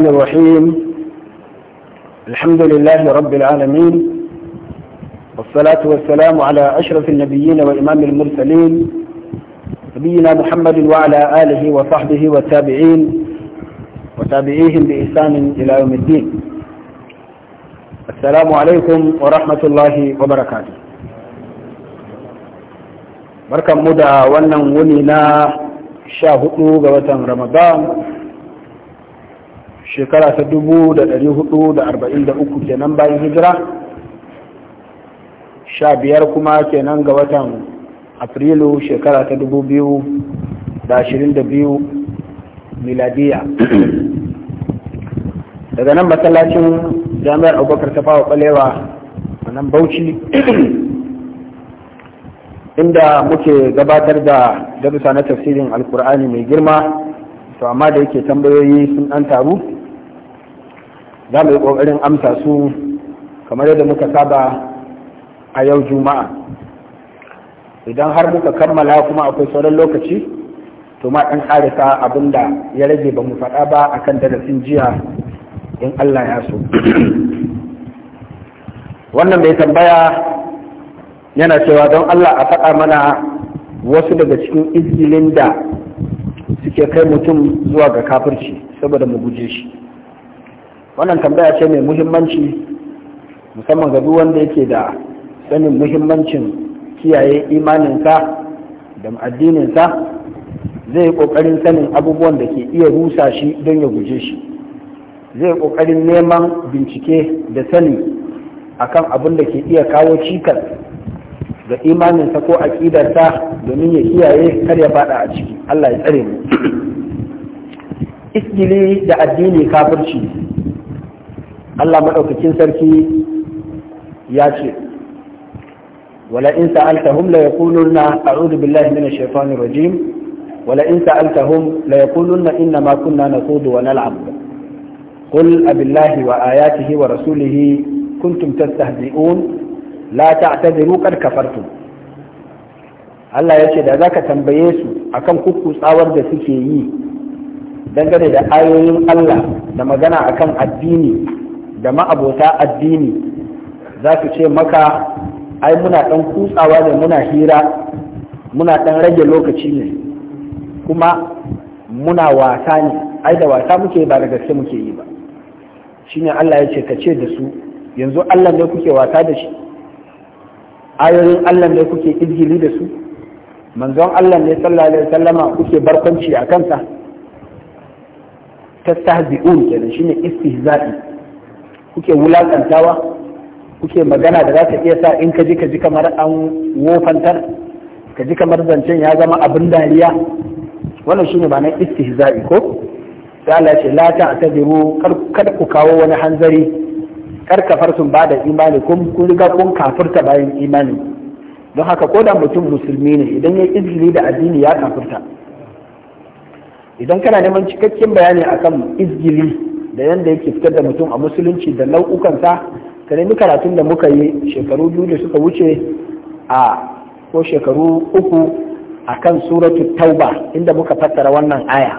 الرحمن الرحيم الحمد لله رب العالمين والصلاة والسلام على أشرف النبيين وإمام المرسلين نبينا محمد وعلى آله وصحبه والتابعين وتابعيهم بإحسان إلى يوم الدين السلام عليكم ورحمة الله وبركاته بركة مدى ونن ونينا شاهدوا بوتن رمضان shekara ta dubu da ɗari hudu da arba'in da uku kenan bayan hijira sha biyar kuma kenan ga watan afrilu shekara ta dubu biyu da ashirin da biyu miladiya daga nan masallacin jami'ar abubakar ta fawa balewa a nan bauchi inda muke gabatar da darussa na tafsirin alkur'ani mai girma to amma da yake tambayoyi sun ɗan taru za mu yi ƙoƙarin amsa su kamar yadda muka saba a yau juma'a idan har muka kammala kuma akwai sauran lokaci to ma ɗan ƙarisa abin da ya rage ba mu faɗa ba a kan darasin jiya in allah ya so wannan mai tambaya yana cewa don allah a faɗa mana wasu daga cikin izilin da suke kai mutum zuwa ga kafirci saboda mu guje shi wannan tambaya ce mai muhimmanci musamman ga duk wanda yake da sanin muhimmancin kiyaye imaninsa da addininsa zai yi ƙoƙarin sanin abubuwan da ke iya rusa shi don ya guje shi zai yi ƙoƙarin neman bincike da sani akan abin da ke iya kawo cikas ga imaninsa ko aƙidarsa domin ya kiyaye kar ya fada a ciki Allah ya tsare mu iskili da addini kafirci Allah maɗaukakin sarki ya ce wala in sa'altahum la yaquluna a'udhu billahi minash shaitanir rajim wala in sa'altahum la yaquluna inna ma kunna nasudu wa nal'ab qul abillahi wa ayatihi wa rasulihi kuntum tastahzi'un la ta'tadiru qad kafartum Allah ya ce da zaka tambaye su akan kukkutsawar da suke yi dangane da ayoyin Allah da magana akan addini da ma'abota addini za su ce maka ai muna ɗan kutsawa ne muna hira muna ɗan rage lokaci ne kuma muna wasa ne ai da wasa muke ba da gaske muke yi ba shine Allah ya ce ka ce da su yanzu Allah ne kuke wasa da shi ayoyin Allah ne kuke izgili da su manzon Allah ne sallallahu alaihi wasallama kuke barkwanci a kansa tastahzi'un kenan shine istihza'i kuke wulakantawa kuke magana da za ta iya sa in ka ji ka ji kamar an wofantar ka ji kamar zancen ya zama abin dariya wannan shine ba na istihza'i ko sai Allah ce la ta'tadiru kar ku kawo wani hanzari kar kafartum ba da imani kun riga kun kafirta bayan imani don haka ko da mutum musulmi ne idan ya izini da addini ya kafirta idan kana neman cikakken bayani akan izgili da yadda yake fitar da mutum a musulunci da nau'ukansa ka nemi karatun da muka yi shekaru biyu da suka wuce a ko shekaru uku akan suratu tauba inda muka fassara wannan aya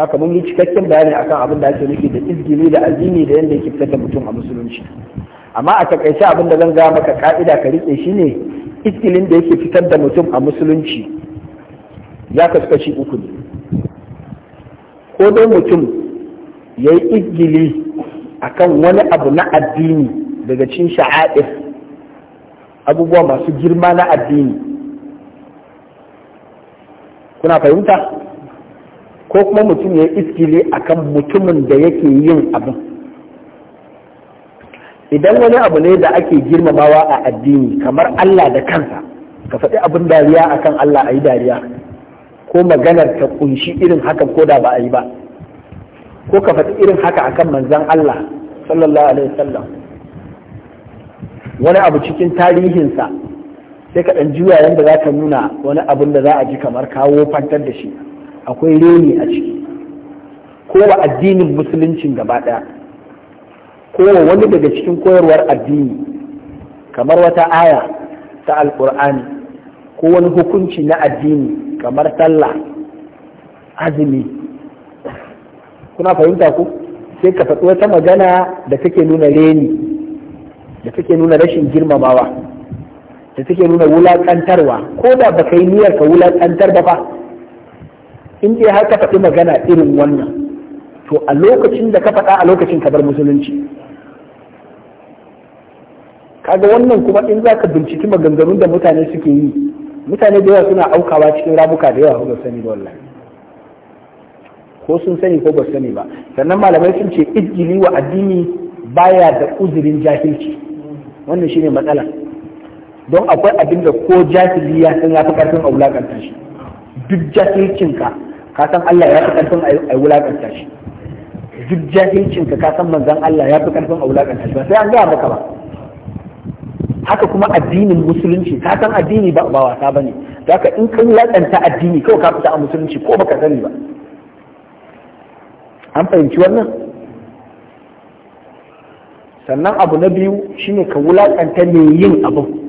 haka mun yi cikakken bayani akan abin da ake nufi da izgili da azimi da yadda yake fitar mutum a musulunci amma a takaice abin da zan ga maka ka'ida ka rike shi ne izgilin da yake fitar da mutum a musulunci ya kasu kashi uku ne ko dai mutum ya yi izgili akan wani abu na addini daga cin sha'a'ir abubuwa masu girma na addini kuna fahimta ko kuma mutum ya iskili akan mutumin da yake yin abin idan wani abu ne da ake girmamawa a addini kamar Allah da kansa ka faɗi abin dariya akan Allah a yi dariya ko maganar ta kunshi irin hakan ko da ba a yi ba ko ka faɗi irin haka akan manzan Allah sallallahu alaihi wasallam wani abu cikin tarihinsa sai ka ɗan juya yadda za ka nuna wani abin da za a ji kamar kawo fantar da shi akwai reni a ciki kowa addinin musuluncin gaba ɗaya kowa wani daga cikin koyarwar addini kamar wata aya ta alkur'ani ko wani hukunci na addini kamar sallah azumi kuna fahimta ku sai ka faɗi wata magana da take nuna reni da take nuna rashin girmamawa da take nuna wulaƙantarwa ko da baka yi niyyar ka wulaƙantar ba fa in dai har ka faɗi magana irin wannan to a lokacin da ka faɗa a lokacin ka bar musulunci kaga wannan kuma in za ka binciki maganganun da mutane suke yi mutane da yawa suna aukawa cikin rabuka da yawa ba sani da wallahi ko sun sani ko ba sani ba sannan malamai sun ce ijili wa addini baya da uzurin jahilci wannan shine matsala don akwai abinda ko jahili ya san ya fi karfin aulakanta shi duk jahilcinka ka san Allah ya fi karfin a wulakanta shi duk jahilcin ka san manzan Allah ya fi karfin a wulakanta shi ba sai an gaya maka ba haka kuma addinin musulunci ka san addini ba ba wasa bane haka in ka wulakanta addini kawai ka fita a musulunci ko baka sani ba an fahimci wannan sannan abu na biyu shine ka wulakanta me yin abu.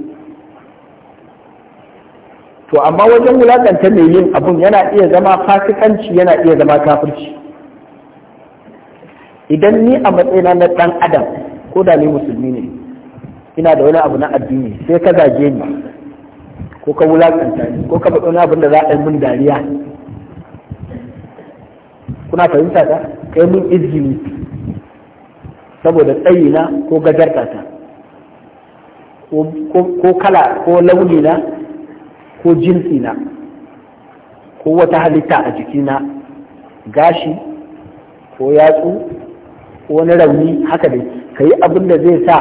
to amma wajen wulakanta mai yin abun yana iya zama fasikanci yana iya zama kafirci idan ni a matsayina na ɗan adam ko da ni musulmi ne ina da wani abu na addini sai ka zage ni ko ka wulakanta ni ko ka faɗi wani abin da za a yi min dariya kuna fahimta ta kai mun izini saboda tsayina ko gajarta ta ko kala ko launi na ko jinsi na ko wata halitta a jikina gashi ko yatsu ko wani rauni haka dai ka yi abin da zai sa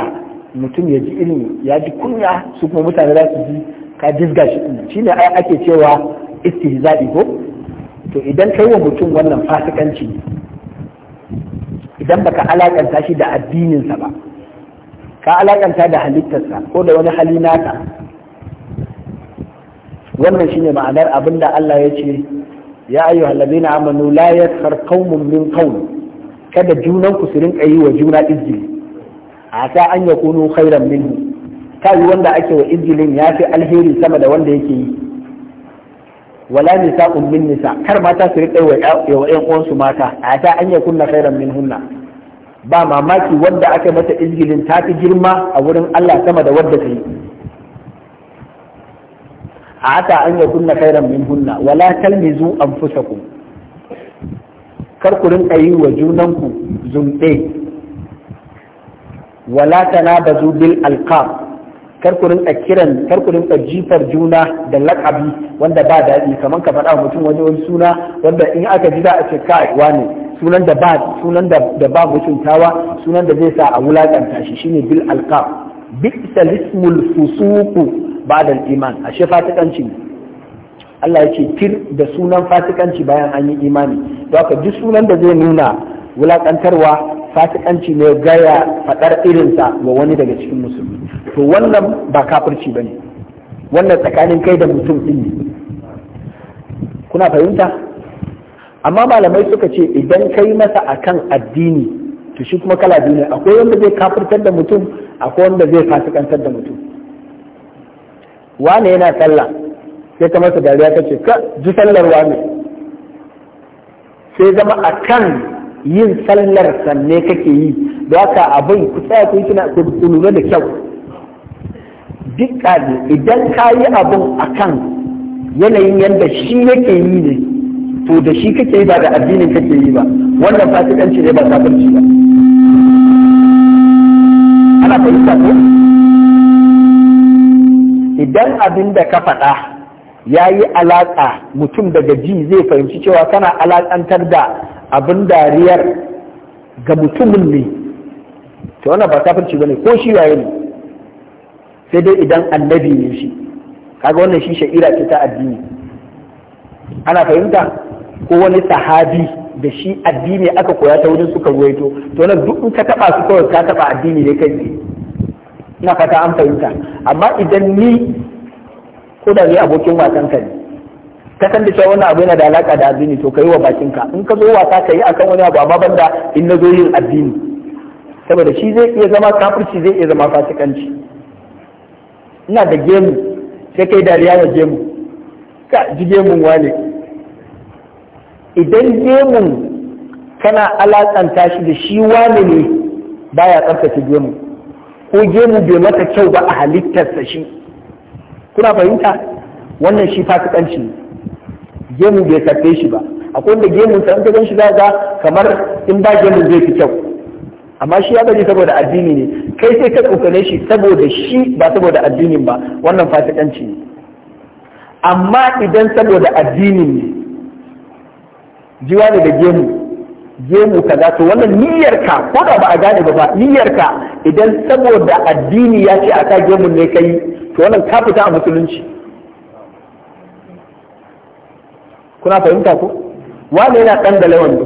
mutum ya ji ilimi ya ji kunya su kuma mutane za su ji ka jizga shi shi ne ake cewa istihza'i ko to idan kai wa mutum wannan fasikanci idan baka alakanta shi da addininsa ba ka alakanta da halittarsa ko da wani hali naka wannan shine ma'anar abinda Allah ya ce ya ayyuha allazina amanu la yaskhar qaumun min qaum kada junan ku su rinka yi wa juna izgili ta an yakunu khairan minhu kai wanda ake wa izgilin ya fi alheri sama da wanda yake yi wala nisa'un min nisa kar mata su rika wa ƴan uwansu mata ata an yakunna khairan minhunna ba mamaki wanda aka mata izgilin ta fi girma a wurin Allah sama da wanda ta yi ata an yakunna khairan minhunna wala talmizu anfusakum kar ku rinka yi wa junanku zumbe wala tanabazu bil alqab kar ku rinka kiran kar ku rinka jifar juna da laqabi wanda ba daɗi kaman ka faɗa mutum wani wani suna wanda in aka ji za a ce kai wani sunan da ba sunan da da ba mutuntawa sunan da zai sa a wulakanta shi shine bil alqab bi'sa ismul fusuqu ba'dal iman ashe fasikanci Allah ya ce tir da sunan fasikanci bayan an yi imani to haka duk sunan da zai nuna wulakantarwa fasikanci ne gaya fadar irinsa wa wani daga cikin musulmi to wannan ba kafirci bane wannan tsakanin kai da mutum din ne kuna fahimta amma malamai suka ce idan kai masa akan addini to shi kuma kala biyu ne akwai wanda zai kafirtar da mutum akwai wanda zai fasikantar da mutum wane yana sallah sai ka masa dariya ka ce ka ji sallar wane sai zama a kan yin sallar sanne kake yi da haka abin ku tsaya ku kina ku lura da kyau duk ne idan ka yi abin a kan yanayin yadda shi yake yi ne to da shi kake yi ba da addinin kake yi ba wannan fasikanci ne ba kafirci ba ana fahimta ko idan abin da ka faɗa ya yi alaƙa mutum daga ji zai fahimci cewa kana alaƙantar da abin dariyar ga mutumin ne to wannan ba kafirci ne ko shi waye ne sai dai idan annabi ne shi kaga wannan shi sha'ira ce ta addini ana fahimta ko wani sahabi da shi addini aka koya ta wurin suka ruwaito to nan duk in ka taɓa su kawai ka taɓa addini ne kai ne? ina fata an fahimta amma idan ni ko da ni abokin wasan ka ne ka san da cewa abu yana da alaka da addini to kai wa bakin ka in ka zo wasa kai akan wani abu amma banda in na zo yin addini saboda shi zai iya zama kafirci zai iya zama fasikanci ina da gemu sai kai dariya na gemu ka ji gemun wane idan gemun kana alakanta shi da shi wane ne baya tsaftace gemu ko gemu bai mata kyau ba a halittarsa shi kuna fahimta wannan shi fasikanci gemu bai karfe shi ba akwai wanda gemun sa in ka gan shi za kamar in ba gemun zai fi kyau amma shi ya gani saboda addini ne kai sai ka tsokane shi saboda shi ba saboda addinin ba wannan fasikanci ne amma idan saboda addinin ne jiwa ne da gemu gemu kaza to wannan niyyarka ko da ba a gane ba ba niyyarka idan saboda addini ya ce a ka gemun ne kai to wannan ka fita a musulunci kuna fahimta ko wani yana ɗan da wando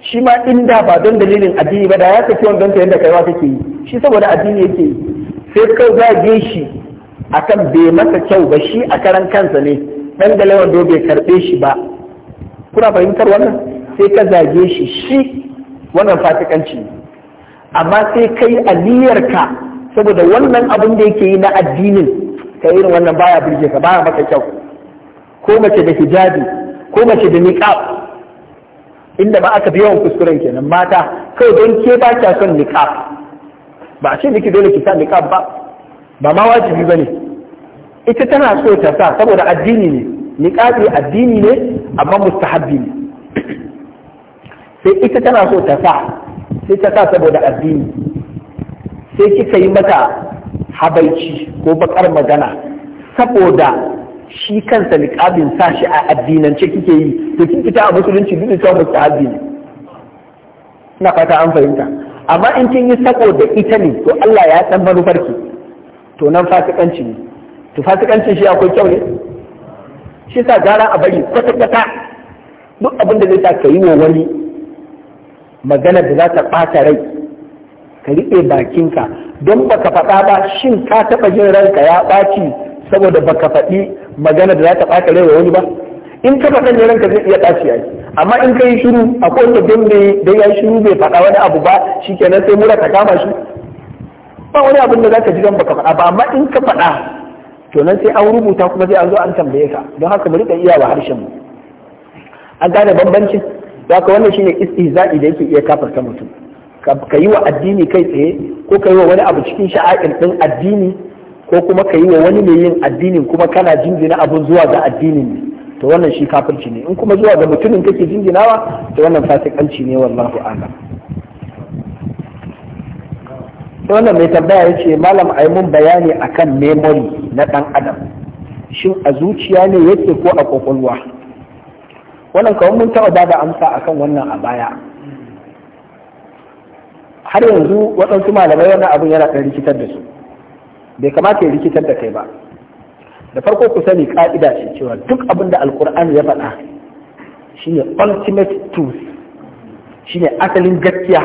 shi ma inda ba don dalilin addini ba da ya saki wannan ta yadda kaiwa take yi shi saboda addini yake yi sai ka zage shi akan bai masa kyau ba shi a karan kansa ne ɗan da wando bai karɓe shi ba kuna fahimtar wannan sai ka zage shi shi wannan fasikanci ne amma sai kai aliyarka saboda wannan abin da yake yi na addinin ka irin wannan baya birge ka baya maka kyau ko mace da hijabi ko mace da niqab inda ba aka bi yawan kuskuren kenan mata kai don ke ba kya son niqab ba a ce niki dole ki sa niqab ba ba ma wajibi bane ita tana so ta sa saboda addini ne niqabi addini ne amma mustahabbi ne sai ita tana so ta sa sai ta sa saboda addini sai kika yi mata habaici ko bakar magana saboda shi kansa liƙabin sa shi a addinance kike yi to kin fita a musulunci duk da musta addini ina fata an fahimta amma in kin yi saboda ita ne to Allah ya san manufarki to nan fasikanci ne to fasikancin shi akwai kyau ne shi sa gara a bari kwata-kwata duk abinda da zai sa ka yi wa wani magana da za ta ɓata rai ka riƙe bakinka don baka faɗa ba shin ka taɓa jin ranka ya ɓaci saboda baka faɗi magana da za ta ɓata rai wa wani ba in ka faɗa ne ranka zai iya ɓaci yayi amma in ka yi shiru akwai wanda don bai dai ya shiru bai faɗa wani abu ba shikenan sai mura ta kama shi ba wani abin da za ka ji don baka faɗa ba amma in ka faɗa to nan sai an rubuta kuma sai an zo an tambaye ka don haka mu riƙa iya wa harshen mu an gane bambancin haka wannan shine istihza'i da yake iya kafarta mutum ka yi wa addini kai tsaye ko ka yi wa wani abu cikin sha'a'in din addini ko kuma ka yi wa wani mai yin addinin kuma kana jinjina abun zuwa ga addinin ne to wannan shi kafirci ne in kuma zuwa ga mutumin kake jinjinawa to wannan fasikanci ne wallahu a'lam wannan mai tambaya ya ce malam a mun bayani akan memory na dan adam shin a zuciya ne yake ko a kwakwalwa wannan kawai mun taɓa ba da amsa akan wannan a baya har yanzu waɗansu malamai wannan abin yana ɗan rikitar da su bai kamata ya rikitar da kai ba da farko ku sani ƙa'ida ce cewa duk abin da alkur'ani ya faɗa shine ultimate truth shine asalin gaskiya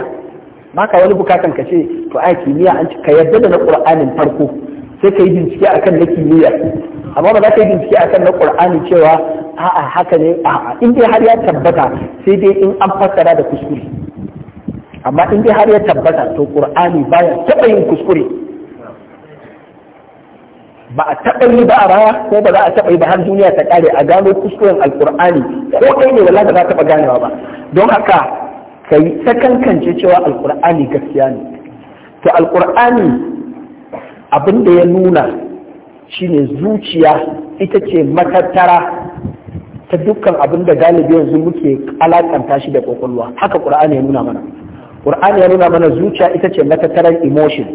ba ka wani bukatan ka ce to ai kimiyya an ka yarda da na ƙur'anin farko sai ka yi bincike akan na kimiyya amma ba za ka yi bincike a kan na ƙur'ani cewa a'a haka ne a'a in dai har ya tabbata sai dai in an fassara da kuskure amma in dai har ya tabbata to ƙur'ani baya taɓa yin kuskure ba a taɓa yi ba a baya ko ba za a taɓa yi ba har duniya ta ƙare a gano kuskuren alƙur'ani ko ɗaya ne wala da za taɓa ganewa ba don haka ka yi sakankance cewa alƙur'ani gaskiya ne to alƙur'ani abin da ya nuna shine zuciya ita ce matattara ta dukkan abin da galibi yanzu muke alakanta shi da kwakwalwa haka ƙur'ani ya nuna mana ƙur'ani ya nuna mana zuciya ita ce matattarar emotion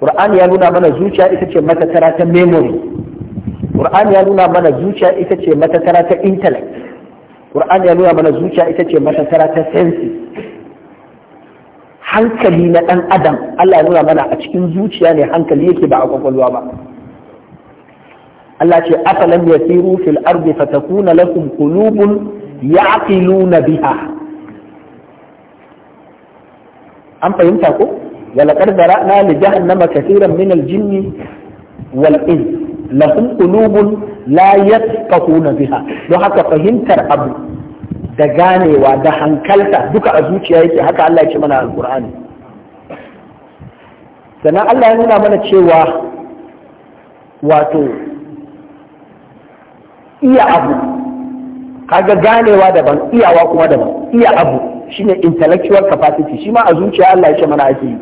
ƙur'ani ya nuna mana zuciya ita ce matattara ta memory ƙur'ani ya nuna mana zuciya ita ce matattara ta intellect ƙur'ani ya nuna mana zuciya ita ce matattara ta senses hankali na ɗan adam Allah ya nuna mana a cikin zuciya ne hankali yake ba a kwakwalwa ba Allah ce afalam ya siru fil ardi fatakuna lakum qulubun ya'qiluna biha an fahimta ko wa laqad darana li jahar na min al jinni wal in lahum qulubun la yafqahuna biha don haka fahimtar abu da ganewa da hankalta duka a zuciya yake haka Allah ya ce mana alkur'ani sannan Allah ya nuna mana cewa wato iya abu kaga ganewa daban iyawa kuma daban iya abu shine intellectual capacity shi ma a zuciya Allah ya ce mana ake yi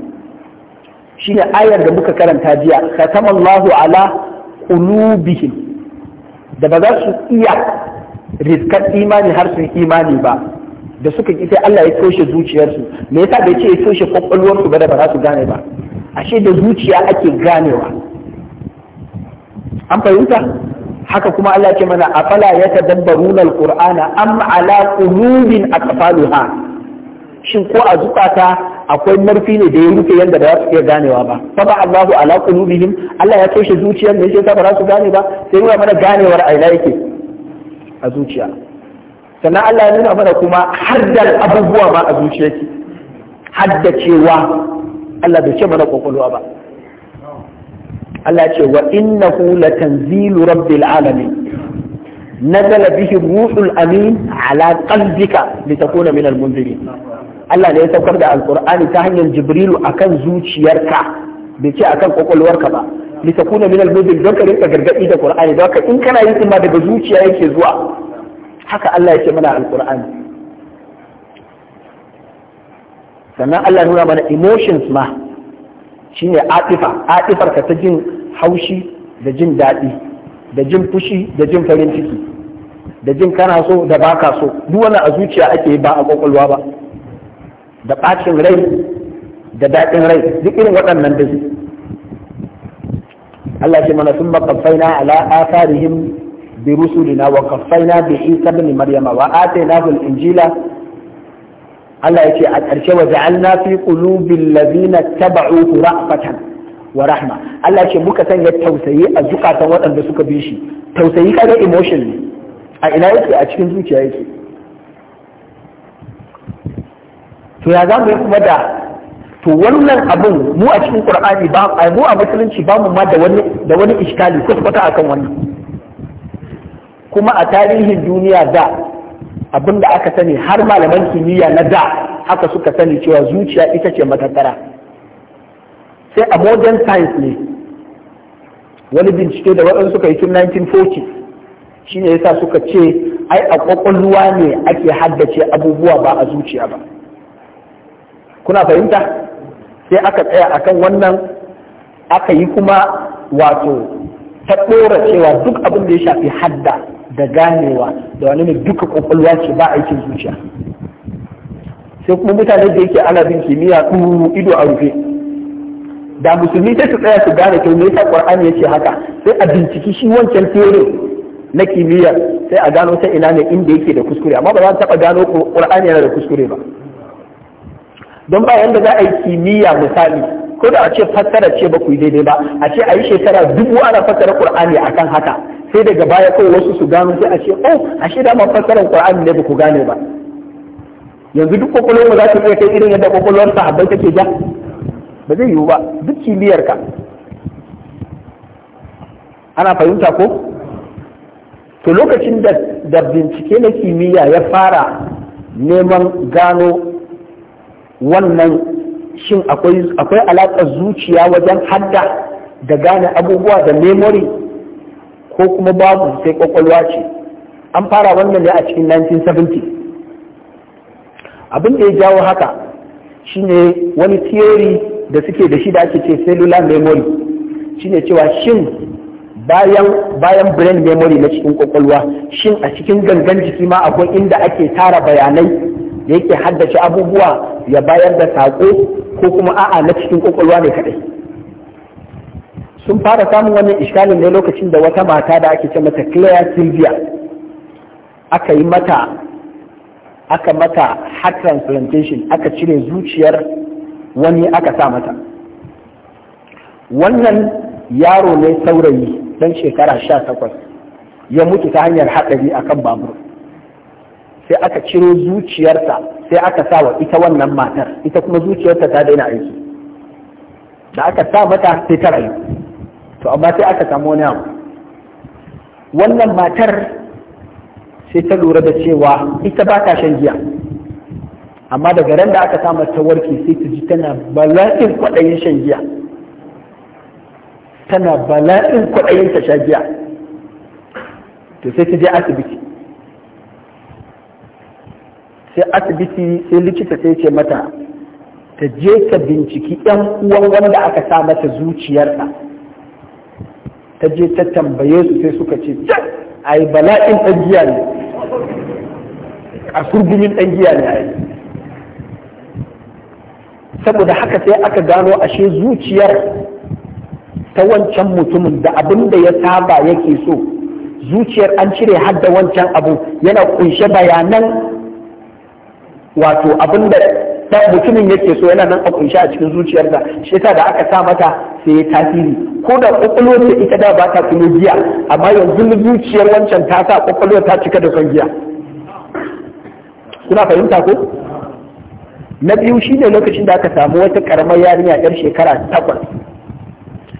shine ayar da muka karanta jiya khatamallahu ala qulubihim da ba za su iya riskar imani har sun imani ba da suka ki sai Allah ya toshe zuciyarsu me yasa bai ce ya toshe kwakwalwarsu ba da ba su gane ba ashe da zuciya ake ganewa an fahimta haka kuma Allah ya ce mana afala yatadabbaruna alqur'ana am ala qulubin aqfaluha shin ko a zukata akwai marfi ne da ya rufe yadda da za su iya ganewa ba ba Allahu ala qulubihim Allah ya toshe zuciyar ne sai ba za su gane ba sai nuna mana ganewar aina yake a zuciya sannan Allah ya nuna mana kuma haddar abubuwa ba a zuciya ki haddacewa Allah bai ce mana kwakwalwa ba Allah ce wa innahu latanzilu rabbil alamin nazala bihi ruhul amin ala qalbika litakuna min al munzirin Allah ne ya saukar da alqur'ani ta hanyar jibrilu akan zuciyarka bai ce akan kwakwalwarka ba litakuna min al don ka rinka gargadi da qur'ani don ka in kana yin ma daga zuciya yake zuwa haka Allah yake mana al-qur'ani sannan Allah nuna mana emotions ma shine atifa atifar ka ta jin haushi da jin daɗi da jin fushi da jin farin ciki da jin kana so da baka so duk wani a zuciya ake ba a kwakwalwa ba da bacin rai da daɗin rai duk irin waɗannan da Allah ce mana sun makaffaina ala asarihim bi rusulina wa kafaina bi isa ibn maryama wa atainahu al-injila Allah ya ce a ƙarshe wa ja'alna fi qulubil ladina taba'u ra'fatan wa rahma Allah ce muka sanya tausayi a zukatan waɗanda suka bi shi tausayi kaga emotion ne a ina yake a cikin zuciya yake to ya zamu yi kuma da to wannan abun mu a cikin qur'ani ba mu a musulunci ba mu ma da wani da wani iskali ko kwata akan wannan kuma a tarihin duniya da abin da aka sani har malaman kimiyya na da haka suka sani cewa zuciya ita ce matattara sai a modern science ne wani bincike da waɗansu suka yi tun 1940 shi ne yasa suka ce ai a ƙwaƙwalwa ne ake haddace abubuwa ba a zuciya ba kuna fahimta sai aka tsaya akan wannan aka yi kuma wato ta ɗora cewa duk abin da ya shafi hadda da ganewa da wani ne duka ƙwaƙwalwa ce ba aikin zuciya sai kuma mutane da yake ana bin kimiyya ɗuru ido a rufe da musulmi sai su tsaya su gane kyau me yasa qur'ani yace haka sai a binciki shi wancan fere na kimiyyar sai a gano ta ina ne inda yake da kuskure amma ba za ta taba gano qur'ani yana da kuskure ba don ba yanda za a yi kimiyya misali ko da a ce fassara ce ba ku yi daidai ba a ce a yi shekara dubu ana fassara qur'ani akan haka sai daga baya kawai wasu su gano sai a ce oh a da ma fassara qur'ani ne ba ku gane ba yanzu duk kwakwalwar mu za ta iya kai irin yadda kwakwalwar sahabbai take ja ba zai yiwu ba duk kimiyyar ka ana fahimta ko to lokacin da bincike na kimiyya ya fara neman gano wannan shin akwai alaƙar zuciya wajen hadda da gane abubuwa da memory ko kuma babu sai kwakwalwa ce an fara wannan ne a cikin 1970 abin da ya jawo haka shine wani theory da suke da shi da ake ce cellular memory shine cewa shin bayan bayan brain memory na cikin kwakwalwa shin a cikin gangan jiki ma akwai inda ake tara bayanai yake haddace abubuwa ya bayar da saƙo ko kuma a'a na cikin ƙwaƙwalwa ne kaɗai sun fara samun wannan iskalin ne lokacin da wata mata da ake ce mata Claire Sylvia aka yi mata aka mata heart transplantation aka cire zuciyar wani aka sa mata wannan yaro ne saurayi dan shekara sha takwas ya mutu ta hanyar haɗari akan babur sai aka ciro zuciyarta sai aka sa wa ita wannan matar ita kuma zuciyarta ta daina aiki da aka sa mata sai ta rayu to amma sai aka samu wani abu wannan matar sai ta lura da cewa ita ba ta shan giya amma daga ran da aka sa ta warke sai ta ji tana bala'in kwaɗayin shan giya tana bala'in kwaɗayin ta sha giya to sai ta je asibiti sai asibiti sai likita sai ce mata ta je ka binciki yan uwan wanda aka sa mata zuciyarta ta je ta tambaye su sai suka ce yi bala'in ɗan giya ne a surgumin ɗan giya ne yi saboda haka sai aka gano ashe zuciyar ta wancan mutumin da abin da ya saba yake so zuciyar an cire hadda wancan abu yana kunshe bayanan wato abin da mutumin yake so yana nan a kunshi a cikin da shi yasa da aka sa mata sai ya tasiri ko da kwakwalwar ta ita da ba ta kuma giya amma yanzu zuciyar wancan ta sa kwakwalwar ta cika da son giya kuna fahimta ko na biyu shi ne lokacin da aka samu wata karamar yarinya yar shekara takwas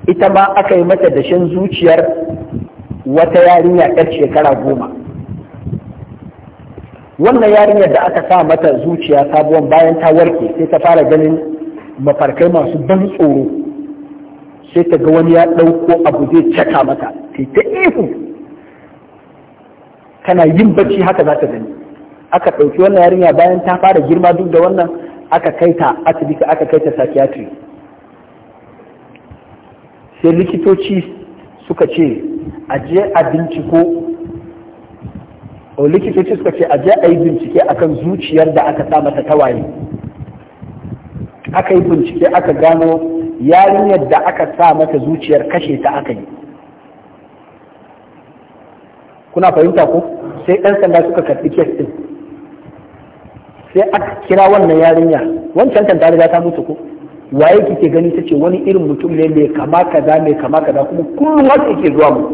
ita ma aka yi mata dashen zuciyar wata yarinya yar shekara goma wannan yarinyar da aka sa mata zuciya sabuwan bayan ta warke sai ta fara ganin mafarkai masu ban tsoro sai ta ga wani ya ɗauko abu zai caka mata sai ta ihu tana yin bacci haka za ta gani aka ɗauki wannan yarinya bayan ta fara girma duk da wannan aka kai ta asibiti aka kai ta psychiatry sai likitoci suka ce a je a binciko likitoci suka ce a je a yi bincike akan zuciyar da aka sa mata tawaye aka yi bincike aka gano yarinyar da aka sa mata zuciyar kashe ta aka yi kuna fahimta ko sai ɗan sanda suka karɓi kes ɗin sai aka kira wannan yarinya wancan kan ta ta mutu ko waye kike gani ta ce wani irin mutum ne mai kama kaza mai kama kaza kuma kullum haka yake zuwa mu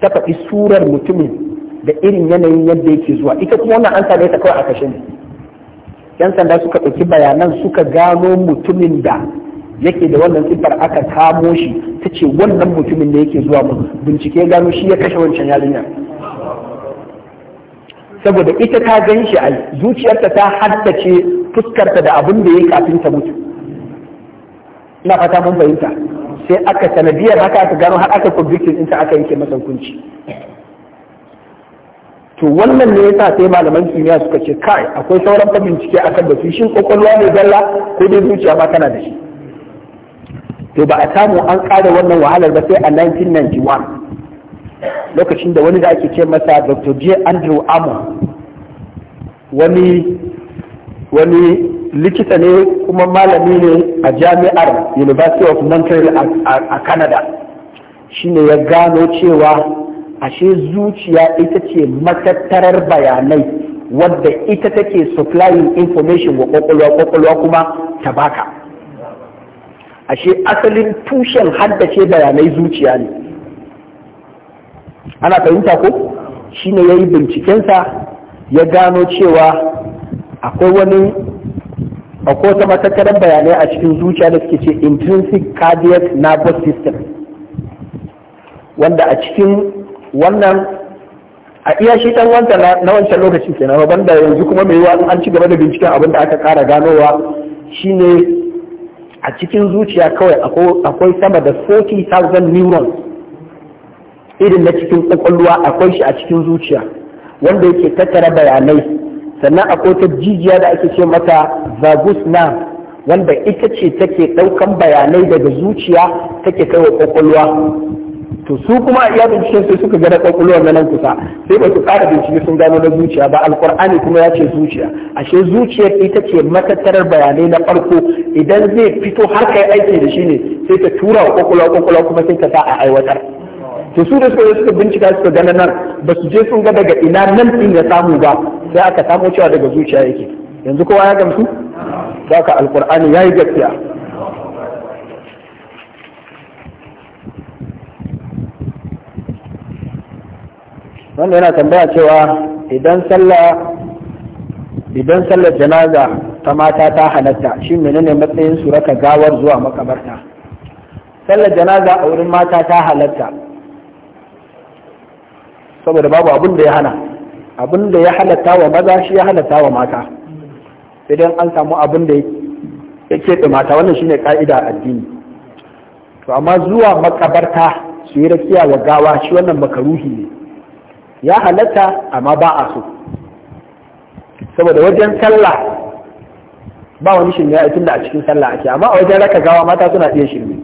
ta faɗi surar mutumin da irin yanayin yadda yake zuwa ita kuma wannan an same ta kawai a kashe ne yan sanda suka ɗauki bayanan suka gano mutumin da yake da wannan siffar aka kamo shi ta ce wannan mutumin da yake zuwa mu bincike gano shi ya kashe wancan yarinya saboda ita ta gan shi a zuciyarta ta haddace fuskarta da abin da ya kafin ta mutu ina fata mun fahimta sai aka sanadiyar haka aka gano har aka in ɗinta aka yanke masa hukunci to wannan ne yasa sai malaman kimiyya suka ce kai akwai sauran fa bincike akan da su shin kokolwa ne zalla ko dai zuciya ma tana da shi to ba a samu an ƙara wannan wahalar ba sai a 1991 lokacin da wani da ake ce masa dr j andrew amo wani wani likita ne kuma malami ne a jami'ar university of montreal a canada shine ya gano cewa ashe zuciya ita ce matattarar bayanai wadda ita take supplying information wa kwakwalwa kwakwalwa kuma ta baka ashe asalin tushen haddace bayanai zuciya ne ana fahimta ko shine ya yi bincikensa ya gano cewa akwai wani akwai wata matattarar bayanai a cikin zuciya da suke ce intrinsic cardiac nervous system wanda a cikin wannan a iya shi dan wanta na wancan lokaci kenan ban da yanzu kuma mai yiwa an ci gaba da binciken abin da aka kara ganowa shine a cikin zuciya kawai akwai sama da 40,000 neurons irin na cikin kwakwalwa akwai shi a cikin zuciya wanda yake tattara bayanai sannan akwai ta jijiya da ake ce mata vagus nerve wanda ita ce take ɗaukan bayanai daga zuciya take kai wa kwakwalwa to su kuma a iya binciken sai suka ga kwakwalwar na nan kusa sai ba su ƙara bincike sun gano na zuciya ba alƙur'ani kuma ya ce zuciya ashe zuciya ita ce matattarar bayanai na farko idan zai fito har kai aiki da shi ne sai ta tura wa ƙwaƙwalwa kuma sai ta sa a aiwatar to su da suka suka bincika suka gana nan ba su je sun ga daga ina nan din ya samu ba sai aka samo cewa daga zuciya yake yanzu kowa ya gamsu za ka alƙur'ani ya yi gaskiya wanda yana tambaya cewa idan idan sallar janaza ta mata ta halatta shi menene matsayin su raka gawar zuwa makabarta sallar janaza a wurin mata ta halatta saboda babu abin da ya hana abin da ya halatta wa maza shi ya halatta wa mata idan an samu abin da ya keɓe mata wannan shine ka'ida addini to amma zuwa makabarta su yi rakiya wa gawa shi wannan makaruhi ne ya halatta amma ba a so saboda wajen sallah ba wani shirme a da a cikin sallah ake amma a wajen raka gawa mata suna iya shirme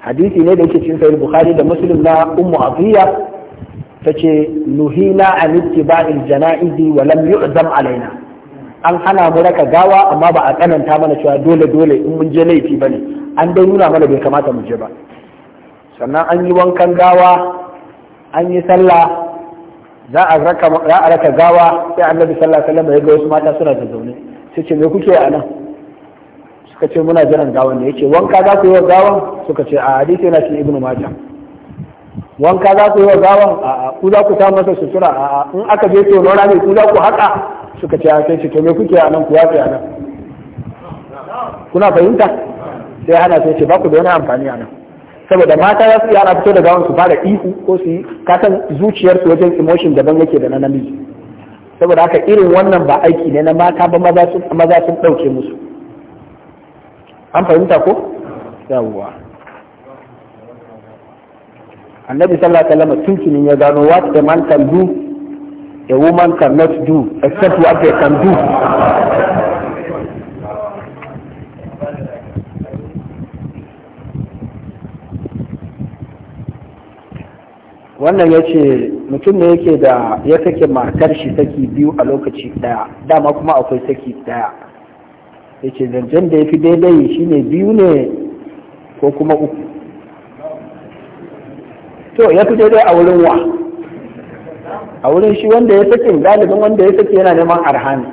hadisi ne da yake cikin sahih bukhari da muslim na ummu afiya tace nuhina an ittiba'il janaizi wa lam yu'zam alaina an hana mu raka gawa amma ba a tsananta mana cewa dole dole in mun je laifi ne an dai nuna mana bai kamata mu je ba sannan an yi wankan gawa an yi sallah za a raka gawa sai annabi sallallahu alaihi wasallam ya ga wasu mata suna da zaune sai ce me kuke a nan suka ce muna jiran gawan ne yace wanka za ku yi wa gawan suka ce a hadisi yana cikin ibnu majah wanka za ku yi wa gawan a ku za ku sa masa sutura a in aka je to lora ne ku za ku haka suka ce a sai ce me kuke a nan ku yafe a nan kuna fahimta sai hana sai ce ba ku da wani amfani a nan saboda mata za su iya fito da gawan su fara ihu ko su yi katon zuciyarsu wajen emotion daban yake da na namiji saboda haka irin wannan ba aiki ne na mata ba maza sun ɗauke musu an fahimta ko yawwa annabi sallallahu alaihi wasallam tunkinin ya gano what a man can do a woman cannot do except what they can do wannan ya ce mutum ne yake da ya sake matar shi saki biyu a lokaci daya dama kuma akwai saki daya ya ce zancen da ya fi daidai shi ne biyu ne ko kuma uku to ya fi daidai a wurin wa a wurin shi wanda ya sake galibin wanda ya sake yana neman arha ne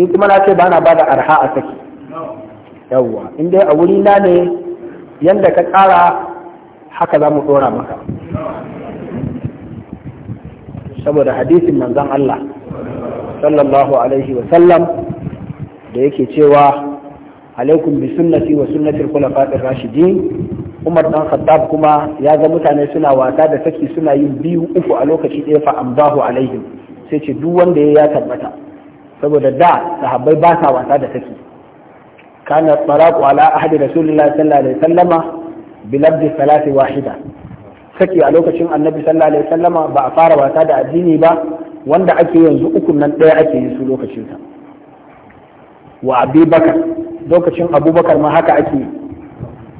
ni kuma na ce ba na bada arha a saki yawwa in dai a wuri na ne yanda ka kara haka za mu dora maka saboda hadisin manzon Allah sallallahu alaihi wa sallam da yake cewa alaikum bi sunnati wa sunnatil khulafa'ir rashidin Umar dan Khattab kuma ya ga mutane suna wasa da saki suna yin biyu uku a lokaci ɗaya fa ambahu alaihim sai ce duk wanda ya tabbata saboda da sahabbai ba sa wasa da saki kana tsaraqu ala ahadi rasulullahi sallallahu alaihi wasallama bi salati wahida saki a lokacin annabi sallallahu alaihi wasallama ba a fara wasa da addini ba wanda ake yanzu uku nan ɗaya ake yi su lokacin wa abi bakar lokacin abubakar ma haka ake yi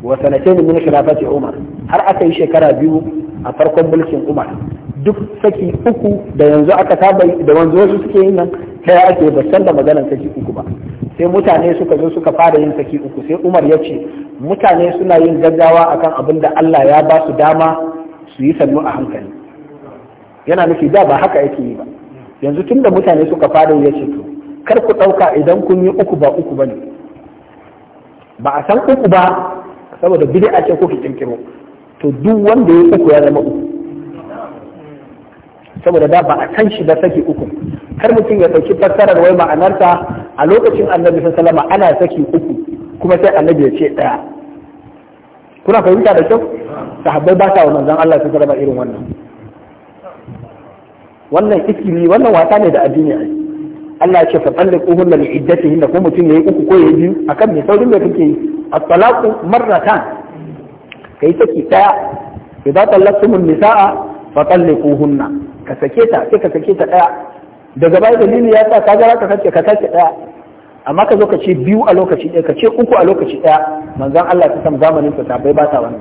wa sanatain min shirafati umar har aka yi shekara biyu a farkon mulkin umar duk saki uku da yanzu aka saba da wanzu wasu suke yin nan ɗaya ake ba san da maganar saki uku ba sai mutane suka zo suka fara yin saki uku sai umar ya ce mutane suna yin gaggawa akan abin da Allah ya ba su dama su yi sannu a hankali yana nufi da ba haka yake yi ba yanzu tun da mutane suka fara ya ce to kar ku ɗauka idan kun yi uku ba uku ba ne ba a san uku ba saboda a ce ki kirkiro to duk wanda ya uku ya zama uku saboda da ba a san shi ba saki uku kar mutum ya sauki fassarar wai ma'anarsa a lokacin annabi wasallam ana saki uku kuma sai annabi ya ce ɗaya kuna fahimta da kyau sahabbai ba sa wa manzon Allah su zama irin wannan wannan ikimi wannan wasa ne da addini ai Allah ya ce fa talliquhun da iddatihin da ko mutum yayi uku ko yayi biyu akan me saurin da kake yi at-talaqu marratan kai saki daya idza talaqtumun nisaa fa na. ka sake ta sai ka sake ta daya daga baya dalili ya sa ka ga ka sake ka sake daya amma ka zo ka ce biyu a lokaci ɗaya ka ce uku a lokaci ɗaya manzan Allah ta san zamanin sa bai bata wannan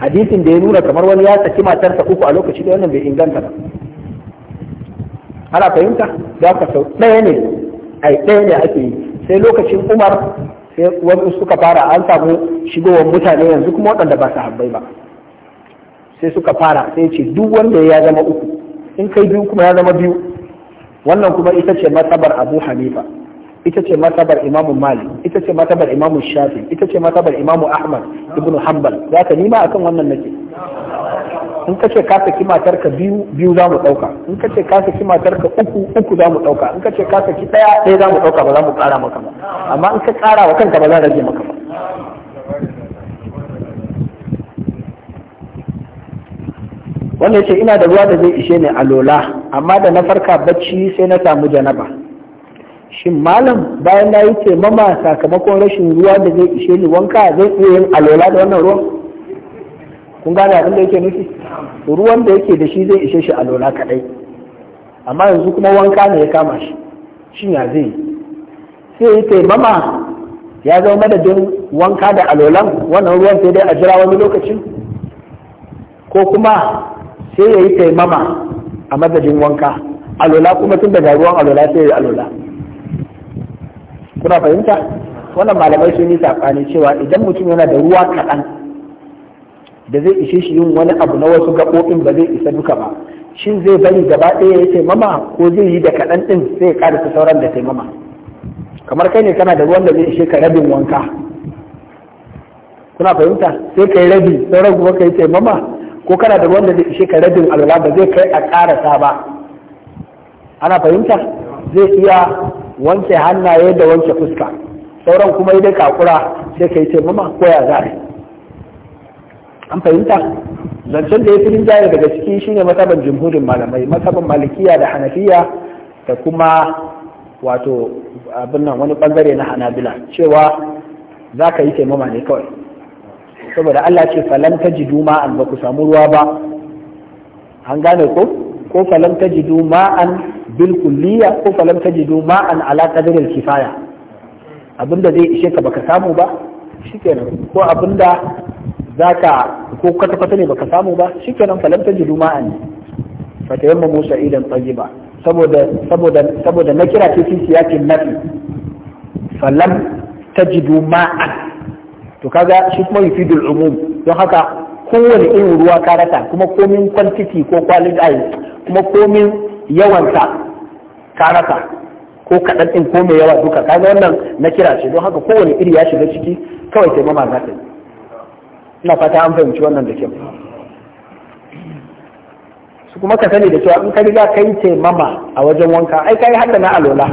hadisin da ya nuna kamar wani ya saki matarsa uku a lokaci ɗaya wannan bai inganta ba ana fahimta za ka sau ɗaya ne ai ɗaya ne ake yi sai lokacin Umar sai wani suka fara an samu shigowar mutane yanzu kuma waɗanda ba su habbai ba sai suka fara sai ce duk wanda ya zama uku in kai biyu kuma ya zama biyu wannan kuma ita ce matsabar abu hanifa ita ce matabar imamu mali ita ce matabar imamu shafi ita ce matabar imamu ahmad ibn hanbal za ka nima akan wannan nake in ka ce ka saki ka biyu biyu za mu ɗauka in ka ce ka saki ka uku uku za mu ɗauka in ka ce ka saki ɗaya ɗaya za mu ɗauka ba za mu ƙara maka ba amma in ka ƙara wa kanka ba za rage maka ba wannan ce ina da ruwa da zai ishe ni a lola amma da na farka bacci sai na samu janaba shin malam bayan na yi taimama sakamakon rashin ruwa da zai ishe ni wanka zai iya yin alola da wannan ruwan kun gane abin da yake nufi ruwan da yake da shi zai ishe shi alola kadai amma yanzu kuma wanka ne ya kama shi shin ya zai sai yi taimama ya zama madadin wanka da alolan wannan ruwan sai dai a jira wani lokacin ko kuma sai ya yi taimama a madadin wanka alola kuma tun daga ruwan alola sai ya yi alola kuna fahimta wannan malamai sun yi sakani cewa idan mutum yana da ruwa kaɗan da zai ishe shi yin wani abu na wasu gaɓoɓin ba zai isa duka ba shin zai bari gaba ɗaya ya taimama ko zai yi da kaɗan ɗin sai ya ƙarasa sauran da taimama kamar kai ne kana da ruwan da zai ishe ka rabin wanka kuna fahimta sai kai rabi sauran kuma kai taimama ko kana da ruwan da zai ishe ka rabin alwala ba zai kai a ƙarasa ba ana fahimta zai iya wanke hannaye da wanke fuska sauran kuma idan kakura sai ka yi taimama ko ya zare an fahimta zancen da ya fi jaya daga ciki shine masaban jumhurin malamai masaban malikiya da hanafiya da kuma wato abin nan wani bangare na hanabila cewa za ka yi taimama ne kawai saboda Allah ce falan ta ji duma an ba ku samu ruwa ba an gane ko ko falan ta ji duma an bil kulliya ko falam tajidu ma'an ala qadril kifaya abinda zai baka samu ba shikenan ko abinda zaka ko kwata kwata ne baka samu ba shikenan falam tajidu ma'an fa tayammamu sa'idan tayyiba saboda saboda saboda na kira ce cikin yakin nafi falam tajidu ma'an to kaga shi kuma yufidul umum don haka kowane irin ruwa karata kuma komin kwantiti ko kwalin ai kuma komin yawanta ka rasa ko kaɗan ɗin ko mai yawa duka kaga wannan na kira ce don haka kowane iri ya shiga ciki kawai taimama za ta yi ina fata an fahimci wannan da kyau su kuma ka sani da cewa in ka riga ka yi taimama a wajen wanka ai ka yi haka na alola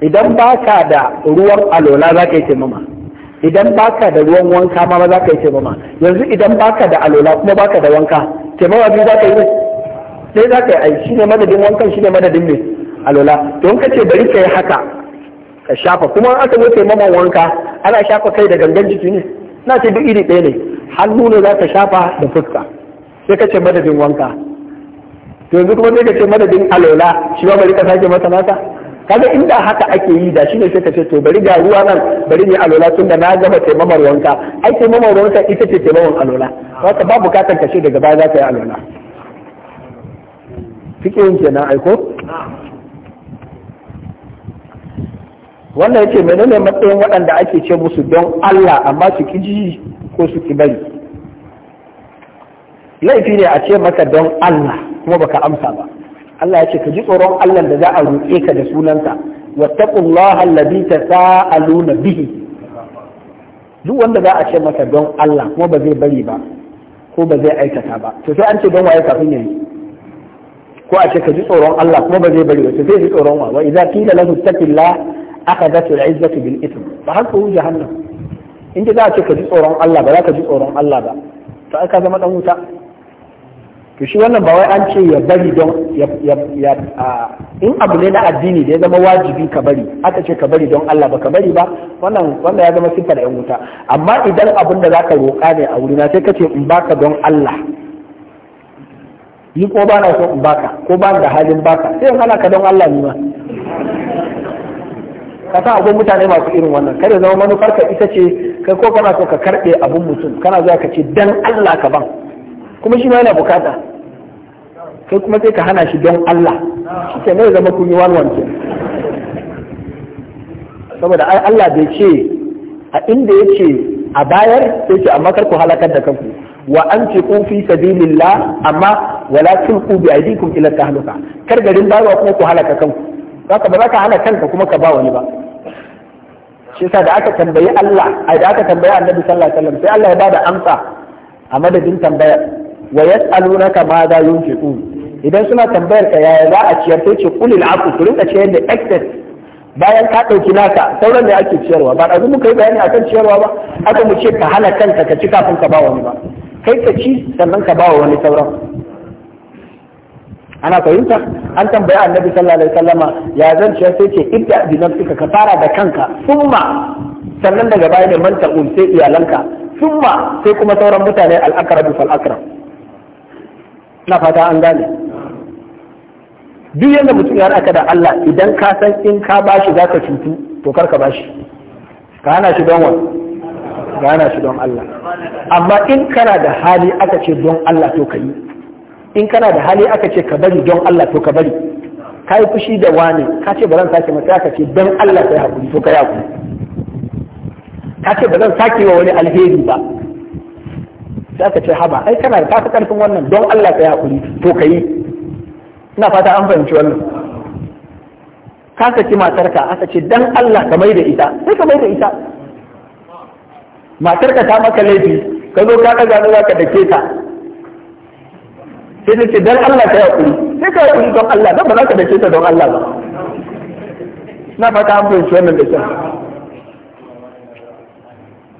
idan ba ka da ruwan alola za ka yi taimama idan ba ka da ruwan wanka ma za ka yi taimama yanzu idan ba ka da alola kuma ba ka da wanka taimama biyu za ka yi sai za ka yi ai shine madadin wankan shine madadin mai alola to in ka ce bari ka yi haka ka shafa kuma aka zo kai maman wanka ana shafa kai da gangan jiki ne na ce duk iri ɗaya ne hannu ne za ka shafa da fuska sai ka ce madadin wanka to yanzu kuma sai ka ce madadin alola shi ma bari ka sake masa nasa kaga inda haka ake yi da shine sai ka ce to bari ga ruwa nan bari ne alola tun da na gama taimamar wanka ai taimamar wanka ita ce taimamar alola haka ba bukatar ka ce daga baya za ka yi alola yin kenan aiko wannan yace menene matsayin waɗanda ake ce musu don Allah amma su ji ko su ki bari laifi ne a ce maka don Allah kuma baka amsa ba Allah ya ce ka ji tsoron Allah da za a roƙe ka da sunanta wattaqullaha alladhi tasaluna bihi duk wanda za a ce maka don Allah kuma ba zai bari ba ko ba zai aikata ba to sai an ce don waye kafin yayi ko a ce ka ji tsoron Allah kuma ba zai bari ba zai ji tsoron wa wa idza qila lahu taqilla akhadatu al-izzatu bil ithm fa hal hu jahannam in za a ce ka ji tsoron Allah ba za ka ji tsoron Allah ba to ai ka zama dan wuta to shi wannan ba wai an ce ya bari don ya in abu ne na addini da ya zama wajibi ka bari aka ce ka bari don Allah ba ka bari ba wannan wanda ya zama siffar yan wuta amma idan abin da zaka roƙa ne a wurina sai ka ce in baka don Allah yi ko ba na so in baka ko ba da halin baka sai in hana ka don Allah ne ma ka sa akwai mutane masu irin wannan kada zama manufar ka ita ce kai ko kana so ka karbe abun mutum kana zuwa ka ce dan Allah ka ban kuma shi ma yana bukata kai kuma sai ka hana shi don Allah shi ke ne zama kun yi walwanke saboda ai Allah bai ce a inda yake a bayar sai ce amma kar ku halakar da kanku wa anfiqu fi sabilillah amma wala tulqu bi aydikum ila tahluka kar garin bayarwa kuma ku halaka kanku zaka ba zaka hana kanka kuma ka ba wani ba shi yasa da aka tambayi Allah ai da aka tambayi Annabi sallallahu alaihi wasallam sai Allah ya bada amsa a madadin tambayar wa yas'alunaka ma za yunfiqun idan suna tambayar ka yaya za a ciyar sai ce qulil afu ku rinka ciyar da excess bayan ka ɗauki naka sauran da ake ciyarwa ba ɗazu muka yi bayani kan ciyarwa ba aka mu ce ka hana kanka ka ci kafin ka ba wani ba kai ka ci sannan ka ba wa wani sauran ana fahimta an tambaya annabi sallallahu alaihi wasallama ya zan ciyar sai ce ibda bi nafsika ka fara da kanka summa sannan daga baya ne manta um sai iyalanka summa sai kuma sauran mutane al akrabu fal akram na fata an gane duk yadda mutum ya raka da Allah idan ka san in ka bashi za ka cutu to kar ka bashi ka hana shi don wani ka hana shi don Allah amma in kana da hali aka ce don Allah to ka yi in kana da hali aka ce ka bari don Allah to ka bari ka yi fushi da wani ka ce ba zan sake masa aka ce don Allah yi hakuri to ka yi hakuri ka ce ba zan sake wa wani alheri ba sai aka ce haba ai kana da tafi karfin wannan don Allah sai hakuri to ka yi ina fata an fahimci wannan ka saki matarka aka ce dan Allah ka mai da ita sai ka mai da ita matarka ta maka laifi ka zo ka ɗaga za ka dake ta sai ce dan Allah ka yaƙuri sai ka yaƙuri don Allah dan ba za ka dake ta don Allah ba na fata an fahimci wannan da kyan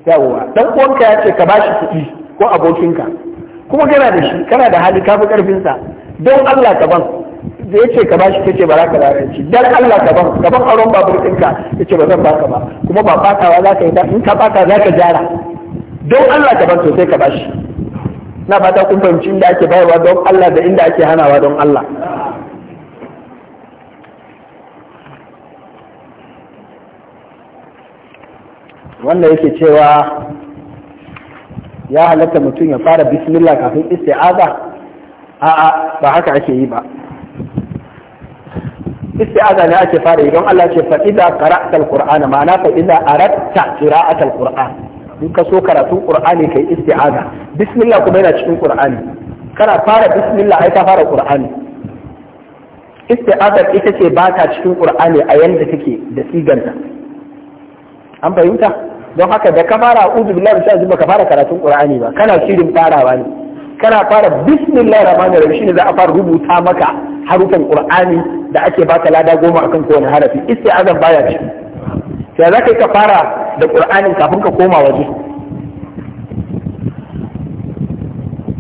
yawwa dan uwanka ya ce ka bashi kuɗi ko abokinka kuma kana da shi kana da hali ka fi ƙarfinsa don Allah ka ban da ya ce ka ba shi kake ba za ka laranci dan Allah ka ban ka ban aron babur ɗinka ya ce ba zan baka ba kuma ba fatawa za ka yi ba in ka fata za ka jara don Allah ka ban sosai ka ba shi na fata kun fahimci inda ake bayarwa don Allah da inda ake hanawa don Allah wanda yake cewa ya halatta mutum ya fara bismillah kafin isti'aza a'a ba haka ake yi ba isti'aza ne ake fara idan Allah ce fa idza qara'ta al ma'ana fa idza aratta qira'ata al-qur'an in ka so karatun qur'ani kai isti'aza bismillah kuma yana cikin qur'ani kana fara bismillah ai ka fara qur'ani isti'azar ita ce ba ta cikin qur'ani a yanda take da siganta an fahimta don haka da ka fara a'udhu billahi sai zuba ka fara karatun qur'ani ba kana shirin farawa ne kana fara bismillahir rahmanir rahim shine za a fara rubuta maka harufan qur'ani da ake baka lada goma akan kowane harafi isti'azan baya ciki sai za ka fara da qur'anin kafin ka koma waje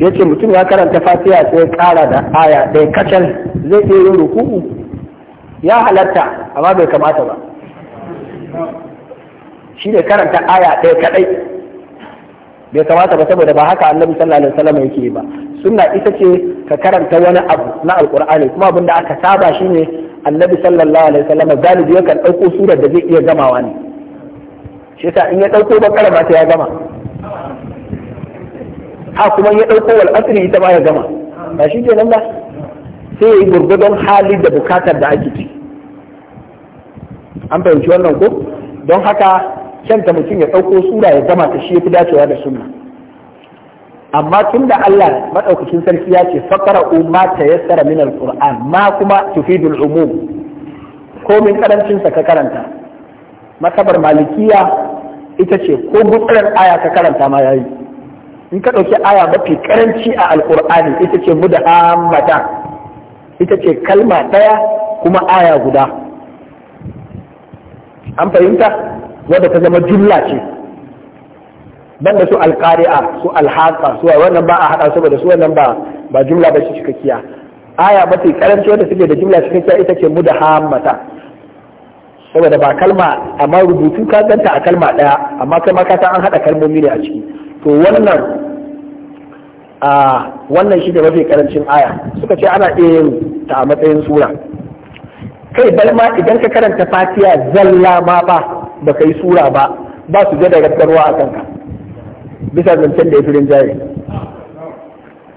yace mutum ya karanta fatiha sai kara da aya ɗaya kacal zai iya yin ruku'u ya halatta amma bai kamata ba shi ne karanta aya ɗaya kadai. bai kamata ba saboda ba haka annabi sallallahu alaihi wasallam yake ba sunna ita ce ka karanta wani abu na alqur'ani kuma abin da aka saba shine annabi sallallahu alaihi wasallam galibi yakan dauko surar da zai iya gamawa ne shi yasa in ya dauko bakara ba ta ya gama ha kuma ya dauko wal asri ita ba ya gama ba shi kenan ba sai yi gurgudun hali da bukatar da ake ci an fahimci wannan ko don haka kyanta mutum ya ɗauko sura ya zama ta shi ya fi dacewa da sunna amma tun da Allah maɗaukacin sarki ya ce faƙara umma ta yassara min alƙur'an ma kuma tufidul umum ko min karancin ka karanta makabar malikiya ita ce ko gutsarar aya ka karanta ma yayi in ka ɗauki aya mafi karanci a alƙur'ani ita ce mu da amata ita ce kalma ɗaya kuma aya guda an fahimta wadda ta zama jumla ce ban da su alƙari'a su alhaƙa su wannan ba a haɗa su da su wannan ba ba jumla ba shi cikakkiya aya mafi karanci wadda suke da jumla cikakkiya ita ce mu da hammata saboda ba kalma amma rubutu ka ganta a kalma ɗaya amma kai ma ka an haɗa kalmomi ne a ciki to wannan a wannan shi da mafi karancin aya suka ce ana iya yin ta a matsayin sura kai balma idan ka karanta fatiya zalla ma ba ba ka yi sura ba ba su jada rabbarwa a kanka bisa zancen da ya fi rinjaye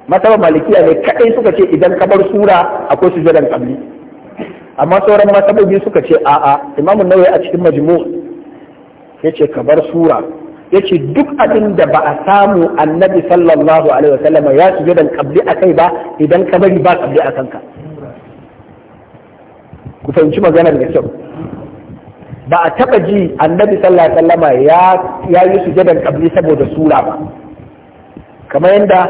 masaba malikiya ne kadai suka ce idan ka bar sura akwai su jadan kabli amma sauran masabobi suka ce a'a imamun nawawi a cikin majmu ce ka bar sura ya ce duk abin da ba a samu annabi sallallahu alaihi wasallama ya su jadan kabli kai ba idan ka bari ba kabli a kanka ku fahimci maganar da kyau ba a taba ji annabi sallallahu alaihi wasallama ya yi sujadan kabli saboda sura ba kamar yadda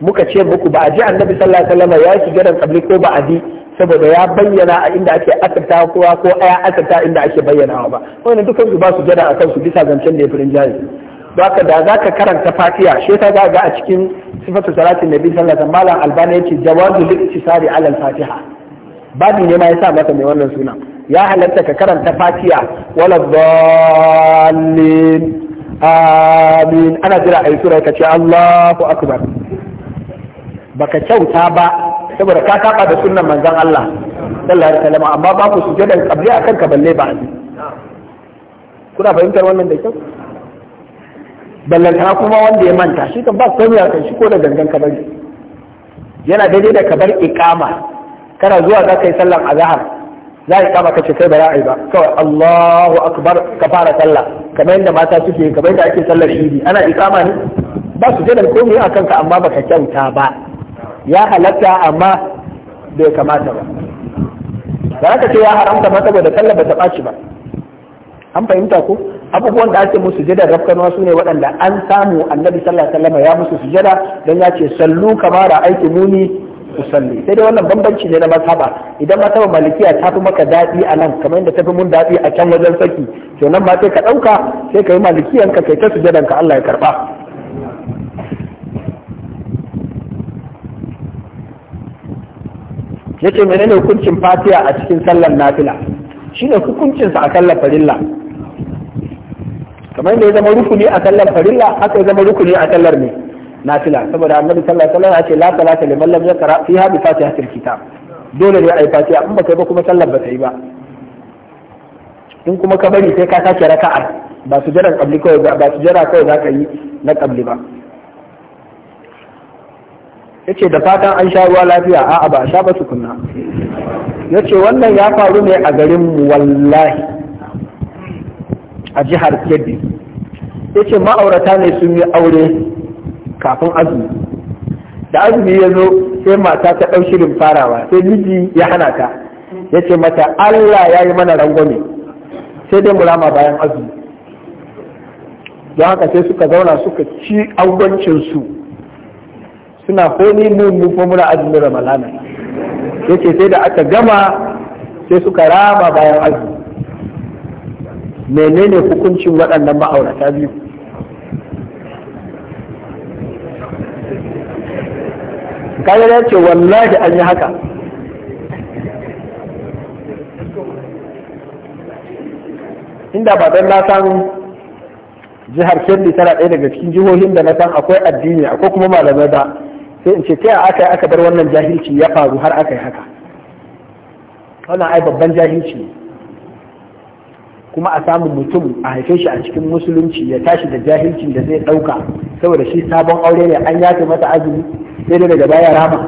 muka ce muku ba a ji annabi sallallahu alaihi wasallama ya yi sujadan kabli ko ba a ji saboda ya bayyana a inda ake asirta kowa ko aya asirta inda ake bayyanawa ba wannan dukkan su ba su jada akan su bisa zancen da ya firin jari haka da za ka karanta fatiha shi ta ga a cikin sifatu salatin nabi sallallahu alaihi wasallam albani yace jawazu li ala al-fatiha babu ne ma yasa mata mai wannan sunan ya halatta ka karanta fatiya wala dhallin amin ana jira ayi sura ka ce Allahu akbar baka kyauta ba saboda ka saba da sunnan manzon Allah sallallahu alaihi wasallam amma ba ku sujudan qabli akan ka balle ba kuna fahimtar wannan da kyau ta kuma wanda ya manta shi kan ba komai ya kai shi ko da gangan ka bari yana daidai da kabar iqama kana zuwa za ka yi sallan azahar za a kama kace kai ba za a yi ba kawai Allahu akbar ka fara sallah kamar yadda mata suke kamar yadda ake sallar idi ana ikama ne ba su jadal komai a kanka amma baka kyauta ba ya halatta amma bai kamata ba ba ka ce ya haramta ba saboda sallah ba ta ɓaci ba an fahimta ko abubuwan da ake musu jada rafkanuwa su ne waɗanda an samu annabi sallallahu alaihi ya musu sujada dan ya ce sallu kamar aiki muni usalli sai dai wannan bambanci ne na masaba idan mazhaba malikiya ta fi maka daɗi a nan kamar yadda ta fi mun daɗi a can wajen saki to nan ma sai ka ɗauka sai ka yi malikiyan ka kai ta sujadan ka Allah ya karɓa yace menene hukuncin fatiha a cikin sallar nafila shine hukuncinsa a sallar farilla kamar yadda ya zama rukuni a sallar farilla haka ya zama rukuni a sallar ne nafila saboda annabi sallallahu alaihi wasallam ya ce la salata liman lam yaqra fi hadhihi fatihatil kitab dole ne ai fatiha in baka yi ba kuma sallar ba ta yi ba in kuma ka bari sai ka sake raka'a ba su jira kabli kawai ba su jira kai za ka yi na kabli ba yace da fatan an sha ruwa lafiya a'a ba a sha ba kunna yace wannan ya faru ne a garin mu wallahi a jihar Kebbi yace ma'aurata ne sun yi aure kafin azumi da azumi ya zo sai mata ta ɗau shirin farawa sai miji ya hana ta ya ce mata Allah ya yi mana rangwame sai dai rama bayan azumi don haka sai suka zauna suka ci angwancinsu suna honi mun mu muna azumin ramalana ya ce sai da aka gama sai suka rama bayan azumi menene hukuncin waɗannan ma'aurata biyu kayan ya ce wallahi an yi haka inda ba don na san jihar Kebbi tana ɗaya daga cikin jihohin da na san akwai addini akwai kuma malamai ba sai in ce ta aka yi aka bar wannan jahilci ya faru har aka yi haka wannan ai babban jahilci kuma a samu mutum a haife shi a cikin musulunci ya tashi da jahilcin da zai ɗauka saboda shi sabon aure ne an yafe masa azumi sai da daga baya rama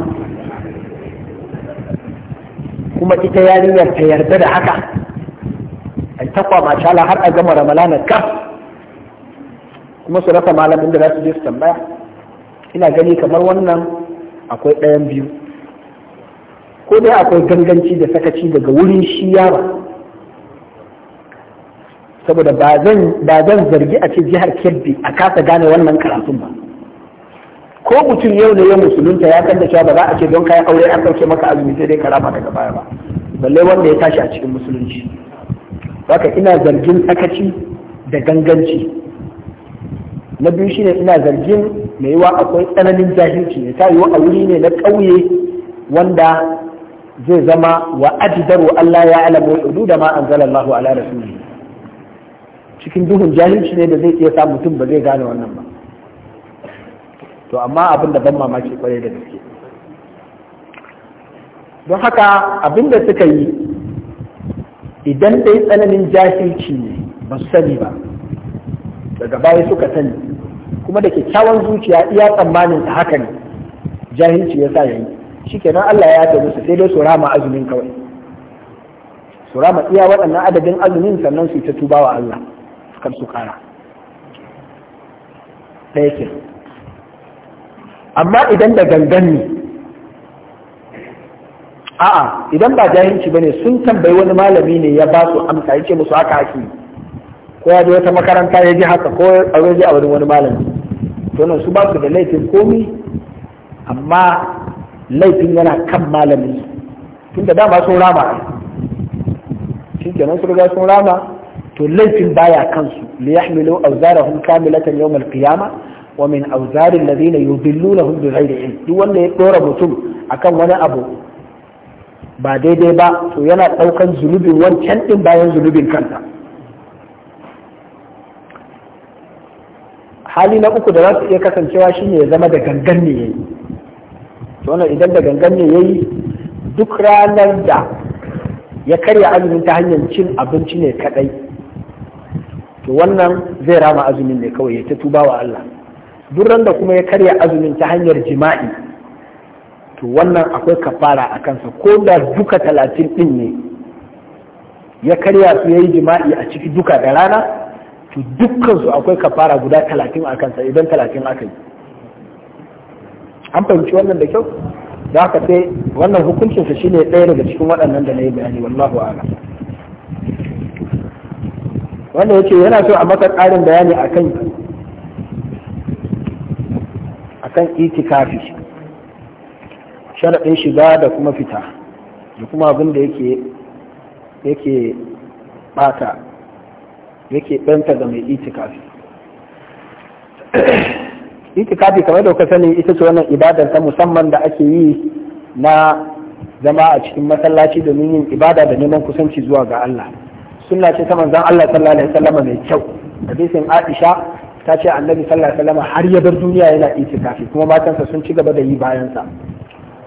kuma ita yarinyar ta yarda da haka ai takwa mashala har a gama ramalana ka kuma su rasa malamin da za su je su tambaya ina gani kamar wannan akwai ɗayan biyu ko dai akwai ganganci da sakaci daga wurin shi ba saboda ba zan zargi a ce jihar kebbi a kasa gane wannan karatun ba ko mutum yau da yau musulunta ya kan da cewa ba za a ce don kayan aure an ɗauke maka azumi sai dai karama daga baya ba balle wanda ya tashi a cikin musulunci haka ina zargin sakaci da ganganci na biyu shine ina zargin mai yiwa akwai tsananin jahilci ne ta yi a wuri ne na ƙauye wanda zai zama wa ajidaru Allah ya alamu hudu da ma anzalallahu ala rasuli cikin duhun jahilci ne da zai iya sa mutum ba zai gane wannan ba to amma abin da ban mamaki kwarai da gaske don haka abin da suka yi idan dai tsananin jahilci ne ba su sani ba daga baya suka sani kuma da kyakkyawan zuciya iya tsammanin ta haka ne jahilci ya sa yayi shikenan Allah ya ta musu sai dai su rama azumin kawai su rama iya waɗannan adadin azumin sannan su ta wa Allah kar su kara ɗaya amma idan da gangan ne a'a idan ba jahilci bane sun tambayi wani malami ne ya ba su amsa yace musu haka ake ko ya je wata makaranta ya ji haka ko a waje a wani malami to nan su ba su da laifin komi amma laifin yana kan malami tunda dama sun rama shi kenan su riga sun rama to laifin baya kansu li yahmilu awzarahum kamilatan yawm al-qiyamah wa min auzarin ladina yudillunahum bi ilm duk wanda ya dora mutum akan wani abu ba daidai ba to yana daukan zunubin wancan din bayan zunubin kanta hali na uku da za su iya kasancewa shine ya zama da gangan ne yayi to wannan idan da gangan ne yayi duk ranar da ya karya azumin ta hanyar cin abinci ne kadai to wannan zai rama azumin ne kawai ya ta tuba wa Allah duk da kuma ya karya azumin ta hanyar jima'i to wannan akwai kafara a kansa ko da duka talatin din ne ya karya su ya yi jima'i a ciki duka da rana to dukkansu akwai kafara guda talatin a kansa idan talatin aka yi an fahimci wannan da kyau da haka sai wannan hukuncinsa shine ɗaya daga cikin waɗannan da na yi bayani wallahu a'lam wanda yace yana so a maka ƙarin bayani a kan itikafi sharaɗin shiga da kuma fita da kuma abin da yake ɓata bata yake ɓanta ga mai itikafi itikafi kamar da kuka sani ita ce wannan ibadar ta musamman da ake yi na zama a cikin masallaci domin yin ibada da neman kusanci zuwa ga Allah suna ce ta manzon Allah sallallahu alaihi wasallama mai kyau hadisin Aisha ta ce annabi sallallahu alaihi wasallam har ya bar duniya yana itikafi kuma matansa sun ci gaba da yi bayan sa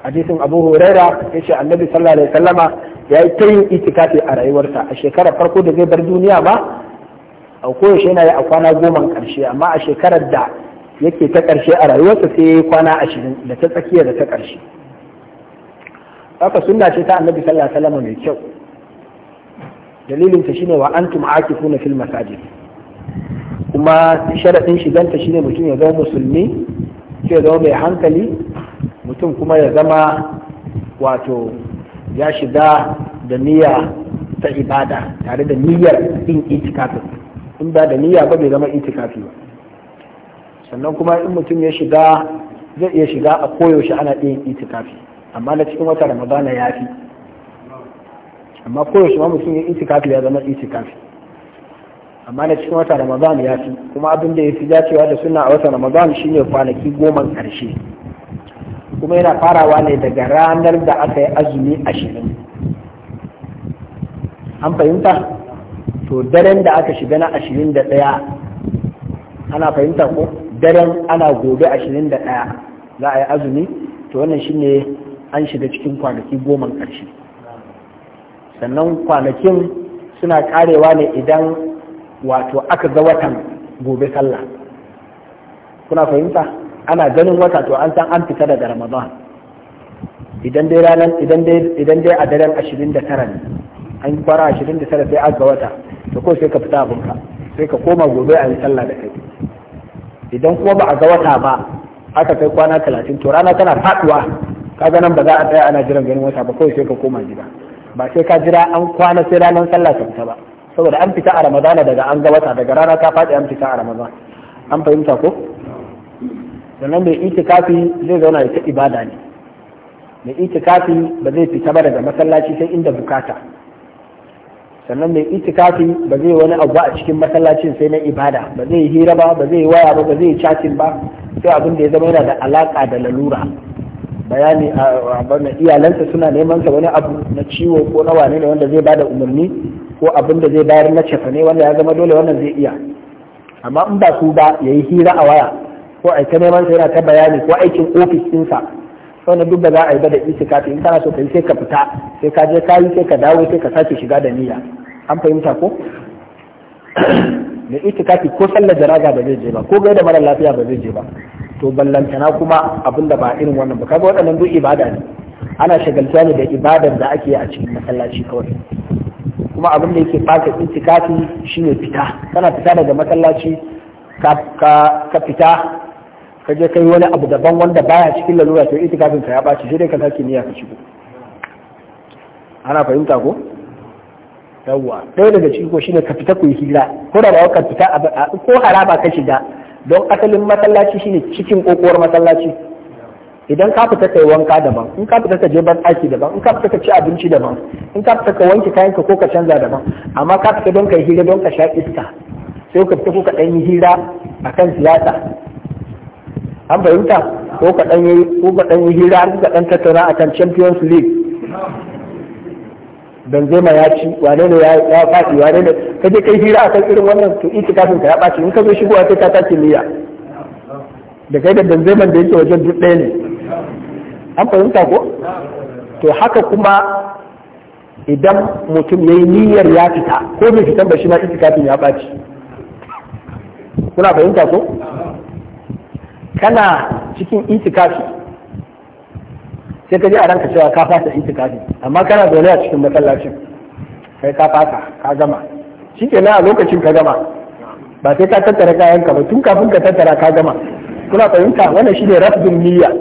hadisin Abu Huraira ya ce annabi sallallahu alaihi wasallama ya yi ta yin itikafi a rayuwarsa a shekarar farko da zai bar duniya ba a koyaushe yana yi a kwana goma karshe amma a shekarar da yake ta karshe a rayuwarsa sai ya yi kwana ashirin da ta tsakiya da ta karshe haka sunna ce ta annabi sallallahu alaihi mai kyau dalilinta shine wa antum na fil masajid kuma sharaɗin shiganta shine mutum ya zama musulmi sai ya zama mai hankali mutum kuma ya zama wato ya shiga da niyya ta ibada tare da niyyar in itikafi in ba da niyya ba bai zama itikafi ba sannan kuma in mutum ya shiga zai iya shiga a koyaushe ana iya itikafi amma na cikin wata ramadana ya fi amma koyaushe ma mutum ya itikafi ya zama itikafi amma na cikin wata ramadan ya fi kuma abin da ya fi dacewa da suna a wata ramadan shine kwanaki goma karshe kuma yana farawa ne daga ranar da aka yi azumi ashirin an fahimta to daren da aka shiga na ashirin da ɗaya ana fahimta ko daren ana gobe ashirin da ɗaya za a yi azumi to wannan shine an shiga cikin kwanaki goma karshe sannan kwanakin suna karewa ne idan wato aka ga watan gobe sallah kuna fahimta ana ganin wata to an san an fita daga ramadan idan dai ranar idan dai a daren 29 ne an yi kwara 29 sai aka wata to ko sai ka fita abinka sai ka koma gobe a yi sallah da kai idan kuma ba a ga wata ba aka kai kwana 30 to rana tana faduwa ga nan ba za a tsaya ana jiran ganin wata ba kawai sai ka koma gida ba sai ka jira an kwana sai ranar sallah ta fita ba saboda an fita a ramadana daga an ga wata daga rana ta faɗi an fita a ramadana an fahimta ko sannan mai itikafi zai zauna ya ta ibada ne mai itikafi ba zai fita ba daga masallaci sai inda bukata sannan mai itikafi ba zai wani abu a cikin masallacin sai na ibada ba zai hira ba ba zai waya ba ba zai chatting ba sai abin da ya zama yana da alaka da lalura bayani a iyalansa suna neman sa wani abu na ciwo ko na wane ne wanda zai bada umarni ko abin da zai bayar na cefa ne wanda ya zama dole wannan zai iya amma in ba su ba ya yi hira a waya ko aika neman sai yana ta bayani ko aikin ofis ɗinsa wannan duk da za a yi ba da kafin in kana so ka yi sai ka fita sai ka je ka yi sai ka dawo sai ka sake shiga da niyya an fahimta ko mai itikafi ko sallar janaza ba zai je ba ko gai da mara lafiya ba zai je ba to ballantana kuma abin da ba irin wannan ba kaga waɗannan duk ibada ne ana shagaltuwa ne da ibadar da ake yi a cikin masallaci kawai kuma abin da yake baka itikafi shine fita kana fita daga masallaci ka fita ka je kai wani abu daban wanda baya cikin lalura to itikafin ka ya baci sai dai ka sake niyya ka shigo ana fahimta ko yawwa ɗaya daga ciki ko shine ka fita ku yi hira ko da ba ka fita ko haraba ka shiga don asalin masallaci shine cikin kokowar masallaci idan ka fita kai wanka daban in ka fita ka je ban daki daban in ka fita ka ci abinci daban in ka fita ka wanke kayan ka ko ka canza daban amma ka fita don kai hira don ka sha iska sai ka fita ko ka ɗan yi hira akan siyasa an fahimta ko ka ɗan yi ko ka dan yi hira an ka ɗan tattauna a kan Champions League Benzema ya ci wane ne ya faɗi wane ne ka je kai hira a kan irin wannan to kafin ka ya ɓaci in ka zo shigowa sai ka tace niyya da kai da Benzema da yake wajen duk ɗaya ne an fahimta ko to haka kuma idan mutum ya yi niyyar ya fita ko bai fitan ba shi ma kafin ya ɓaci kuna fahimta ko kana cikin itikafi sai ka ji a ranka cewa ka fasa itikafi amma kana zaune a cikin matsalacin, kai ka fasa ka gama shi ke a lokacin ka gama ba sai ka tattara kayanka ba tun kafin ka tattara ka gama kuna fahimta wannan shi ne rafdin niyya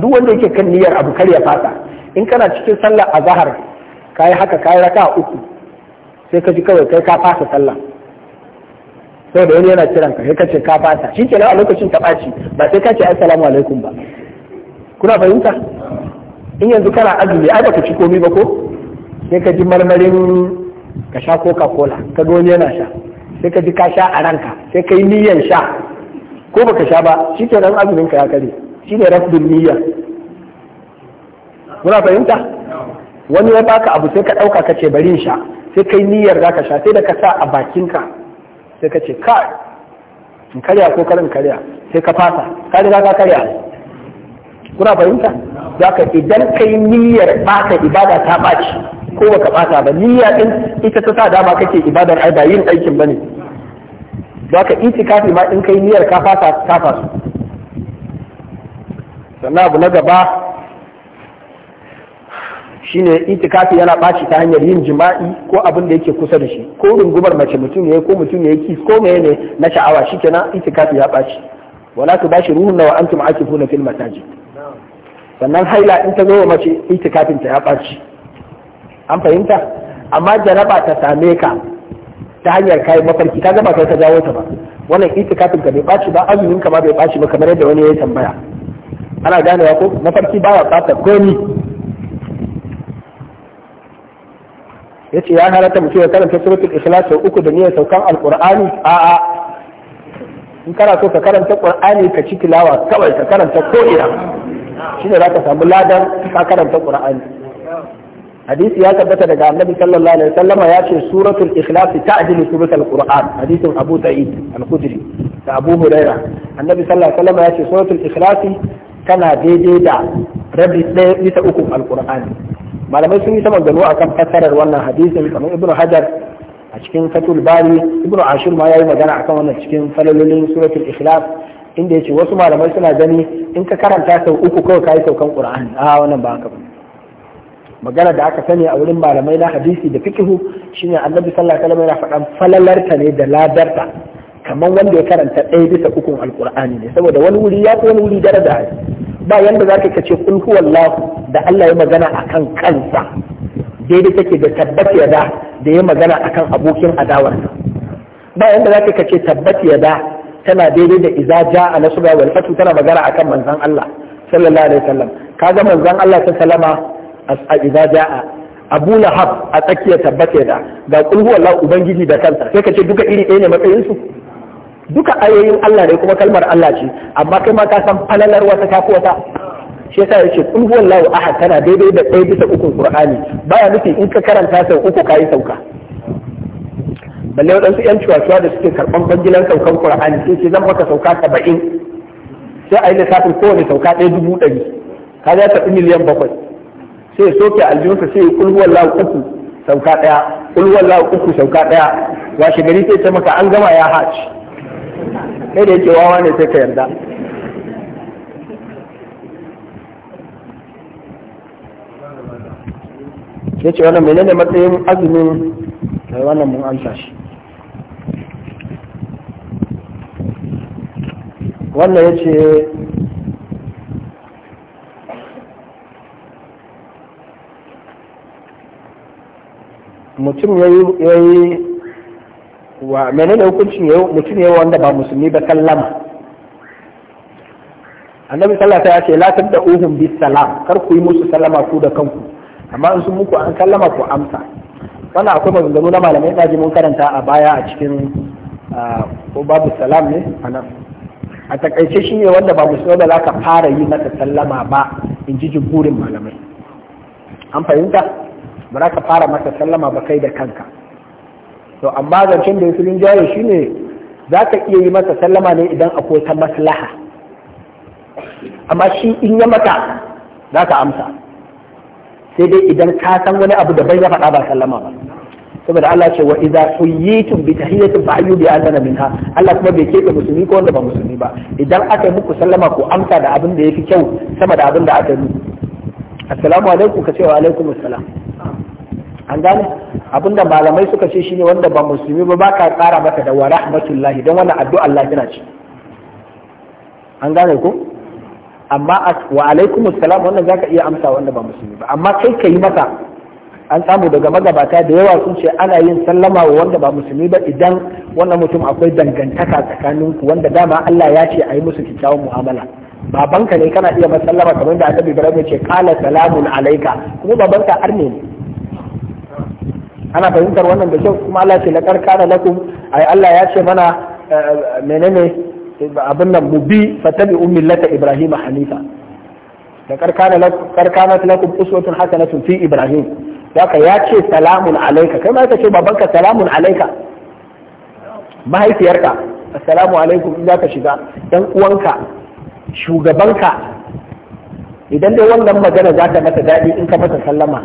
duk wanda yake kan niyyar abu kar ya fasa in kana cikin sallar azhar kai haka kai raka uku sai ka ji kawai kai ka fasa sallah sai da wani yana kiran ka sai ka ce ka fasa shi kenan a lokacin ta ɓaci ba sai ka ce assalamu alaikum ba kuna fahimta in yanzu kana azumi ai baka ci komai ba ko sai ka ji marmarin ka sha coca cola ka ga wani yana sha sai ka ji ka sha a ranka sai ka yi niyyar sha ko baka sha ba shi nan azumin ka ya kare ne rafdun niyya muna fahimta wani ya baka abu sai ka ɗauka ka ce bari sha sai kai niyyar za ka sha sai da ka sa a bakinka sai ka ce ka in karya ko karin karya sai ka fasa ka riga ka karya kuna fahimta za ka idan kai niyyar baka ibada ta ɓaci ko baka ɓata ba niyya ɗin ita ta sa dama kake ibadar ai ba yin aikin ba ne za ka itikafi ma in kai niyyar ka fasa ta fasu sannan abu na gaba shine itikafi yana ɓaci ta hanyar yin jima'i ko abin da yake kusa da shi ko rungumar mace mutum ya ko mutum ya kis ko meye ne na sha'awa shikenan itikafi ya ɓaci wala tu bashi ruhun nawa antum akifuna fil masajid sannan haila in ta zo mace itikafin ta ya ɓaci an fahimta amma jaraba ta same ka ta hanyar kai mafarki ta gaba kai ka jawo ta ba wannan itikafin ka bai ɓaci ba azumin ka ma bai ɓaci ba kamar yadda wani ya tambaya ana ganewa ko mafarki baya bata komi yace ya halatta mutum ya karanta suratul ikhlas sau uku da niyyar saukan alqur'ani a'a in kana so ka karanta qur'ani ka ci tilawa kawai ka karanta ko ina shine zaka samu ladan ka karanta qur'ani hadisi ya tabbata daga annabi sallallahu alaihi wasallam ya ce suratul ikhlas ta'dilu suratul qur'an hadisin abu sa'id al-khudri da abu hurairah annabi sallallahu alaihi wasallam ya ce suratul ikhlas tana daidai da rabi ɗaya bisa ukun alkur'ani malamai sun yi ta a akan fassarar wannan hadisin kamar ibn hajar a cikin fatul bari ibn ashur ma yi magana akan wannan cikin falalolin suratul ikhlas inda yace wasu malamai suna gani in ka karanta sau uku kawai yi saukan qur'ani a wannan ba haka magana da aka sani a wurin malamai na hadisi da fikihu shine annabi sallallahu alaihi wasallam yana faɗan falalarta ne da ladarta kamar wanda ya karanta ɗaya bisa ukun alkur'ani ne saboda wani wuri ya fi wani wuri daraja ba yanda za ka ce kul huwallahu da Allah ya magana akan kansa daidai take da tabbata yada da ya magana akan abokin adawarsa ba yanda za ka ce tabbat yada tana daidai da iza ja'a nasra wal fatu tana magana akan manzon Allah sallallahu alaihi wasallam kaga manzon Allah ta salama a iza ja'a Abu Lahab a tsakiyar tabbat da, ga kul huwallahu ubangiji da kansa sai ka ce duka iri ɗaya ne matsayin su duka ayoyin Allah ne kuma kalmar Allah ce amma kai ma ka san falalar wata ta ta shi yasa yace kul huwallahu ahad tana daidai da ɗaya bisa uku qur'ani baya nufi in ka karanta sau uku yi sauka balle waɗansu yan cuwa da suke karɓan bangilan saukan qur'ani sai ce zan maka sauka saba'in sai a yi lissafin kowane sauka ɗaya dubu ɗari ka za ta miliyan bakwai sai soke aljihunsa sai kul huwallahu uku sauka ɗaya kul huwallahu uku sauka ɗaya washe gari sai ce maka an gama ya haci kai da yake wawa ne sai ka yarda ya ce wannan nane matsayin azumin kai wannan mun amsa shi wannan ya ce mutum ya yi wa menene hukuncin yau mutum yau wanda ba musulmi ba sallama annabi sallallahu alaihi wasallam ya ce la da uhum bis salam kar ku yi musu sallama ku da kanku amma in sun muku an sallama ku amsa wannan akwai maganganu na malamai daji mun karanta a baya a cikin ko babu salam ne anan a takaice shi ne wanda ba musulmi ba za ka fara yi masa sallama ba in ji jimburin malamai an fahimta ba za ka fara masa sallama ba kai da kanka to amma zancen da yafi linjaye shine za ka iya yi masa sallama ne idan akwai ta maslaha amma shi in ya maka za ka amsa sai dai idan ka san wani abu da bai ya faɗa ba sallama ba saboda Allah ce wa idza suyitum bi tahiyatin fa ayyu bi azana minha Allah kuma bai keɓe musulmi ko wanda ba musulmi ba idan aka yi muku sallama ku amsa da abin da yafi kyau sama da abin da aka yi assalamu alaikum ka ce wa alaikum assalam an gane abinda malamai suka ce shine wanda ba musulmi ba baka tsara mata da wa rahmatullahi don wannan addu'a Allah ce an gane ku? amma wa alaikum assalam wannan zaka iya amsa wanda ba musulmi ba amma kai kai mata an samu daga magabata da yawa sun ce ana yin sallama wa wanda ba musulmi ba idan wannan mutum akwai dangantaka tsakanin ku wanda dama Allah ya ce a yi musu kyakkyawan mu'amala babanka ne kana iya masallama kamar da annabi Ibrahim ya ce qala salamun alayka kuma babanka arne ne ana fahimtar wannan da kyau kuma Allah ce laqad kana lakum ai Allah ya ce mana eh, eh, menene abin nan mu bi fatabi'u millata ibrahima hanifa laqad kana lakum karkanat lakum uswatun hasanatun fi ibrahim haka ya ce salamun alaika kai ma ka ce babanka salamun alaika mahaifiyarka assalamu alaikum in ka shiga dan uwanka shugabanka idan dai wannan magana za ta mata daɗi in ka mata sallama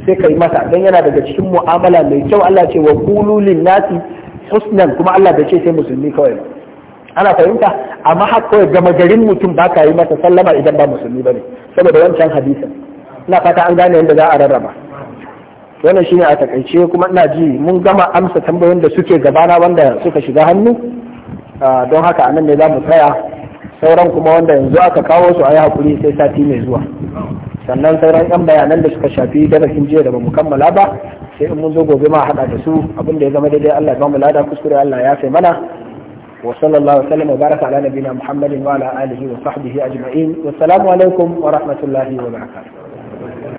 to sai kai masa dan yana daga cikin mu'amala mai kyau Allah ce wa qulu lin nasi husnan kuma Allah bai ce sai musulmi kawai ana fahimta amma har kawai gama garin mutum ba ka yi masa sallama idan ba musulmi bane saboda wancan hadisin ina fata an gane yadda za a rarraba wannan shine a takaice kuma ina ji mun gama amsa tambayoyin da suke gabana wanda suka shiga hannu ah, don haka anan ne za mu tsaya sauran kuma wanda yanzu aka kawo su a yi hakuri sai sati mai zuwa sannan sauran yan bayanan da suka shafi darasin jiya da bamu kammala ba sai in mun zo gobe ma hada da su abin da ya zama daidai Allah ya bamu lada kuskure Allah ya sai mana wa sallallahu alaihi wa baraka ala nabiyina Muhammadin wa ala alihi wa sahbihi ajma'in wa assalamu alaikum wa rahmatullahi wa barakatuh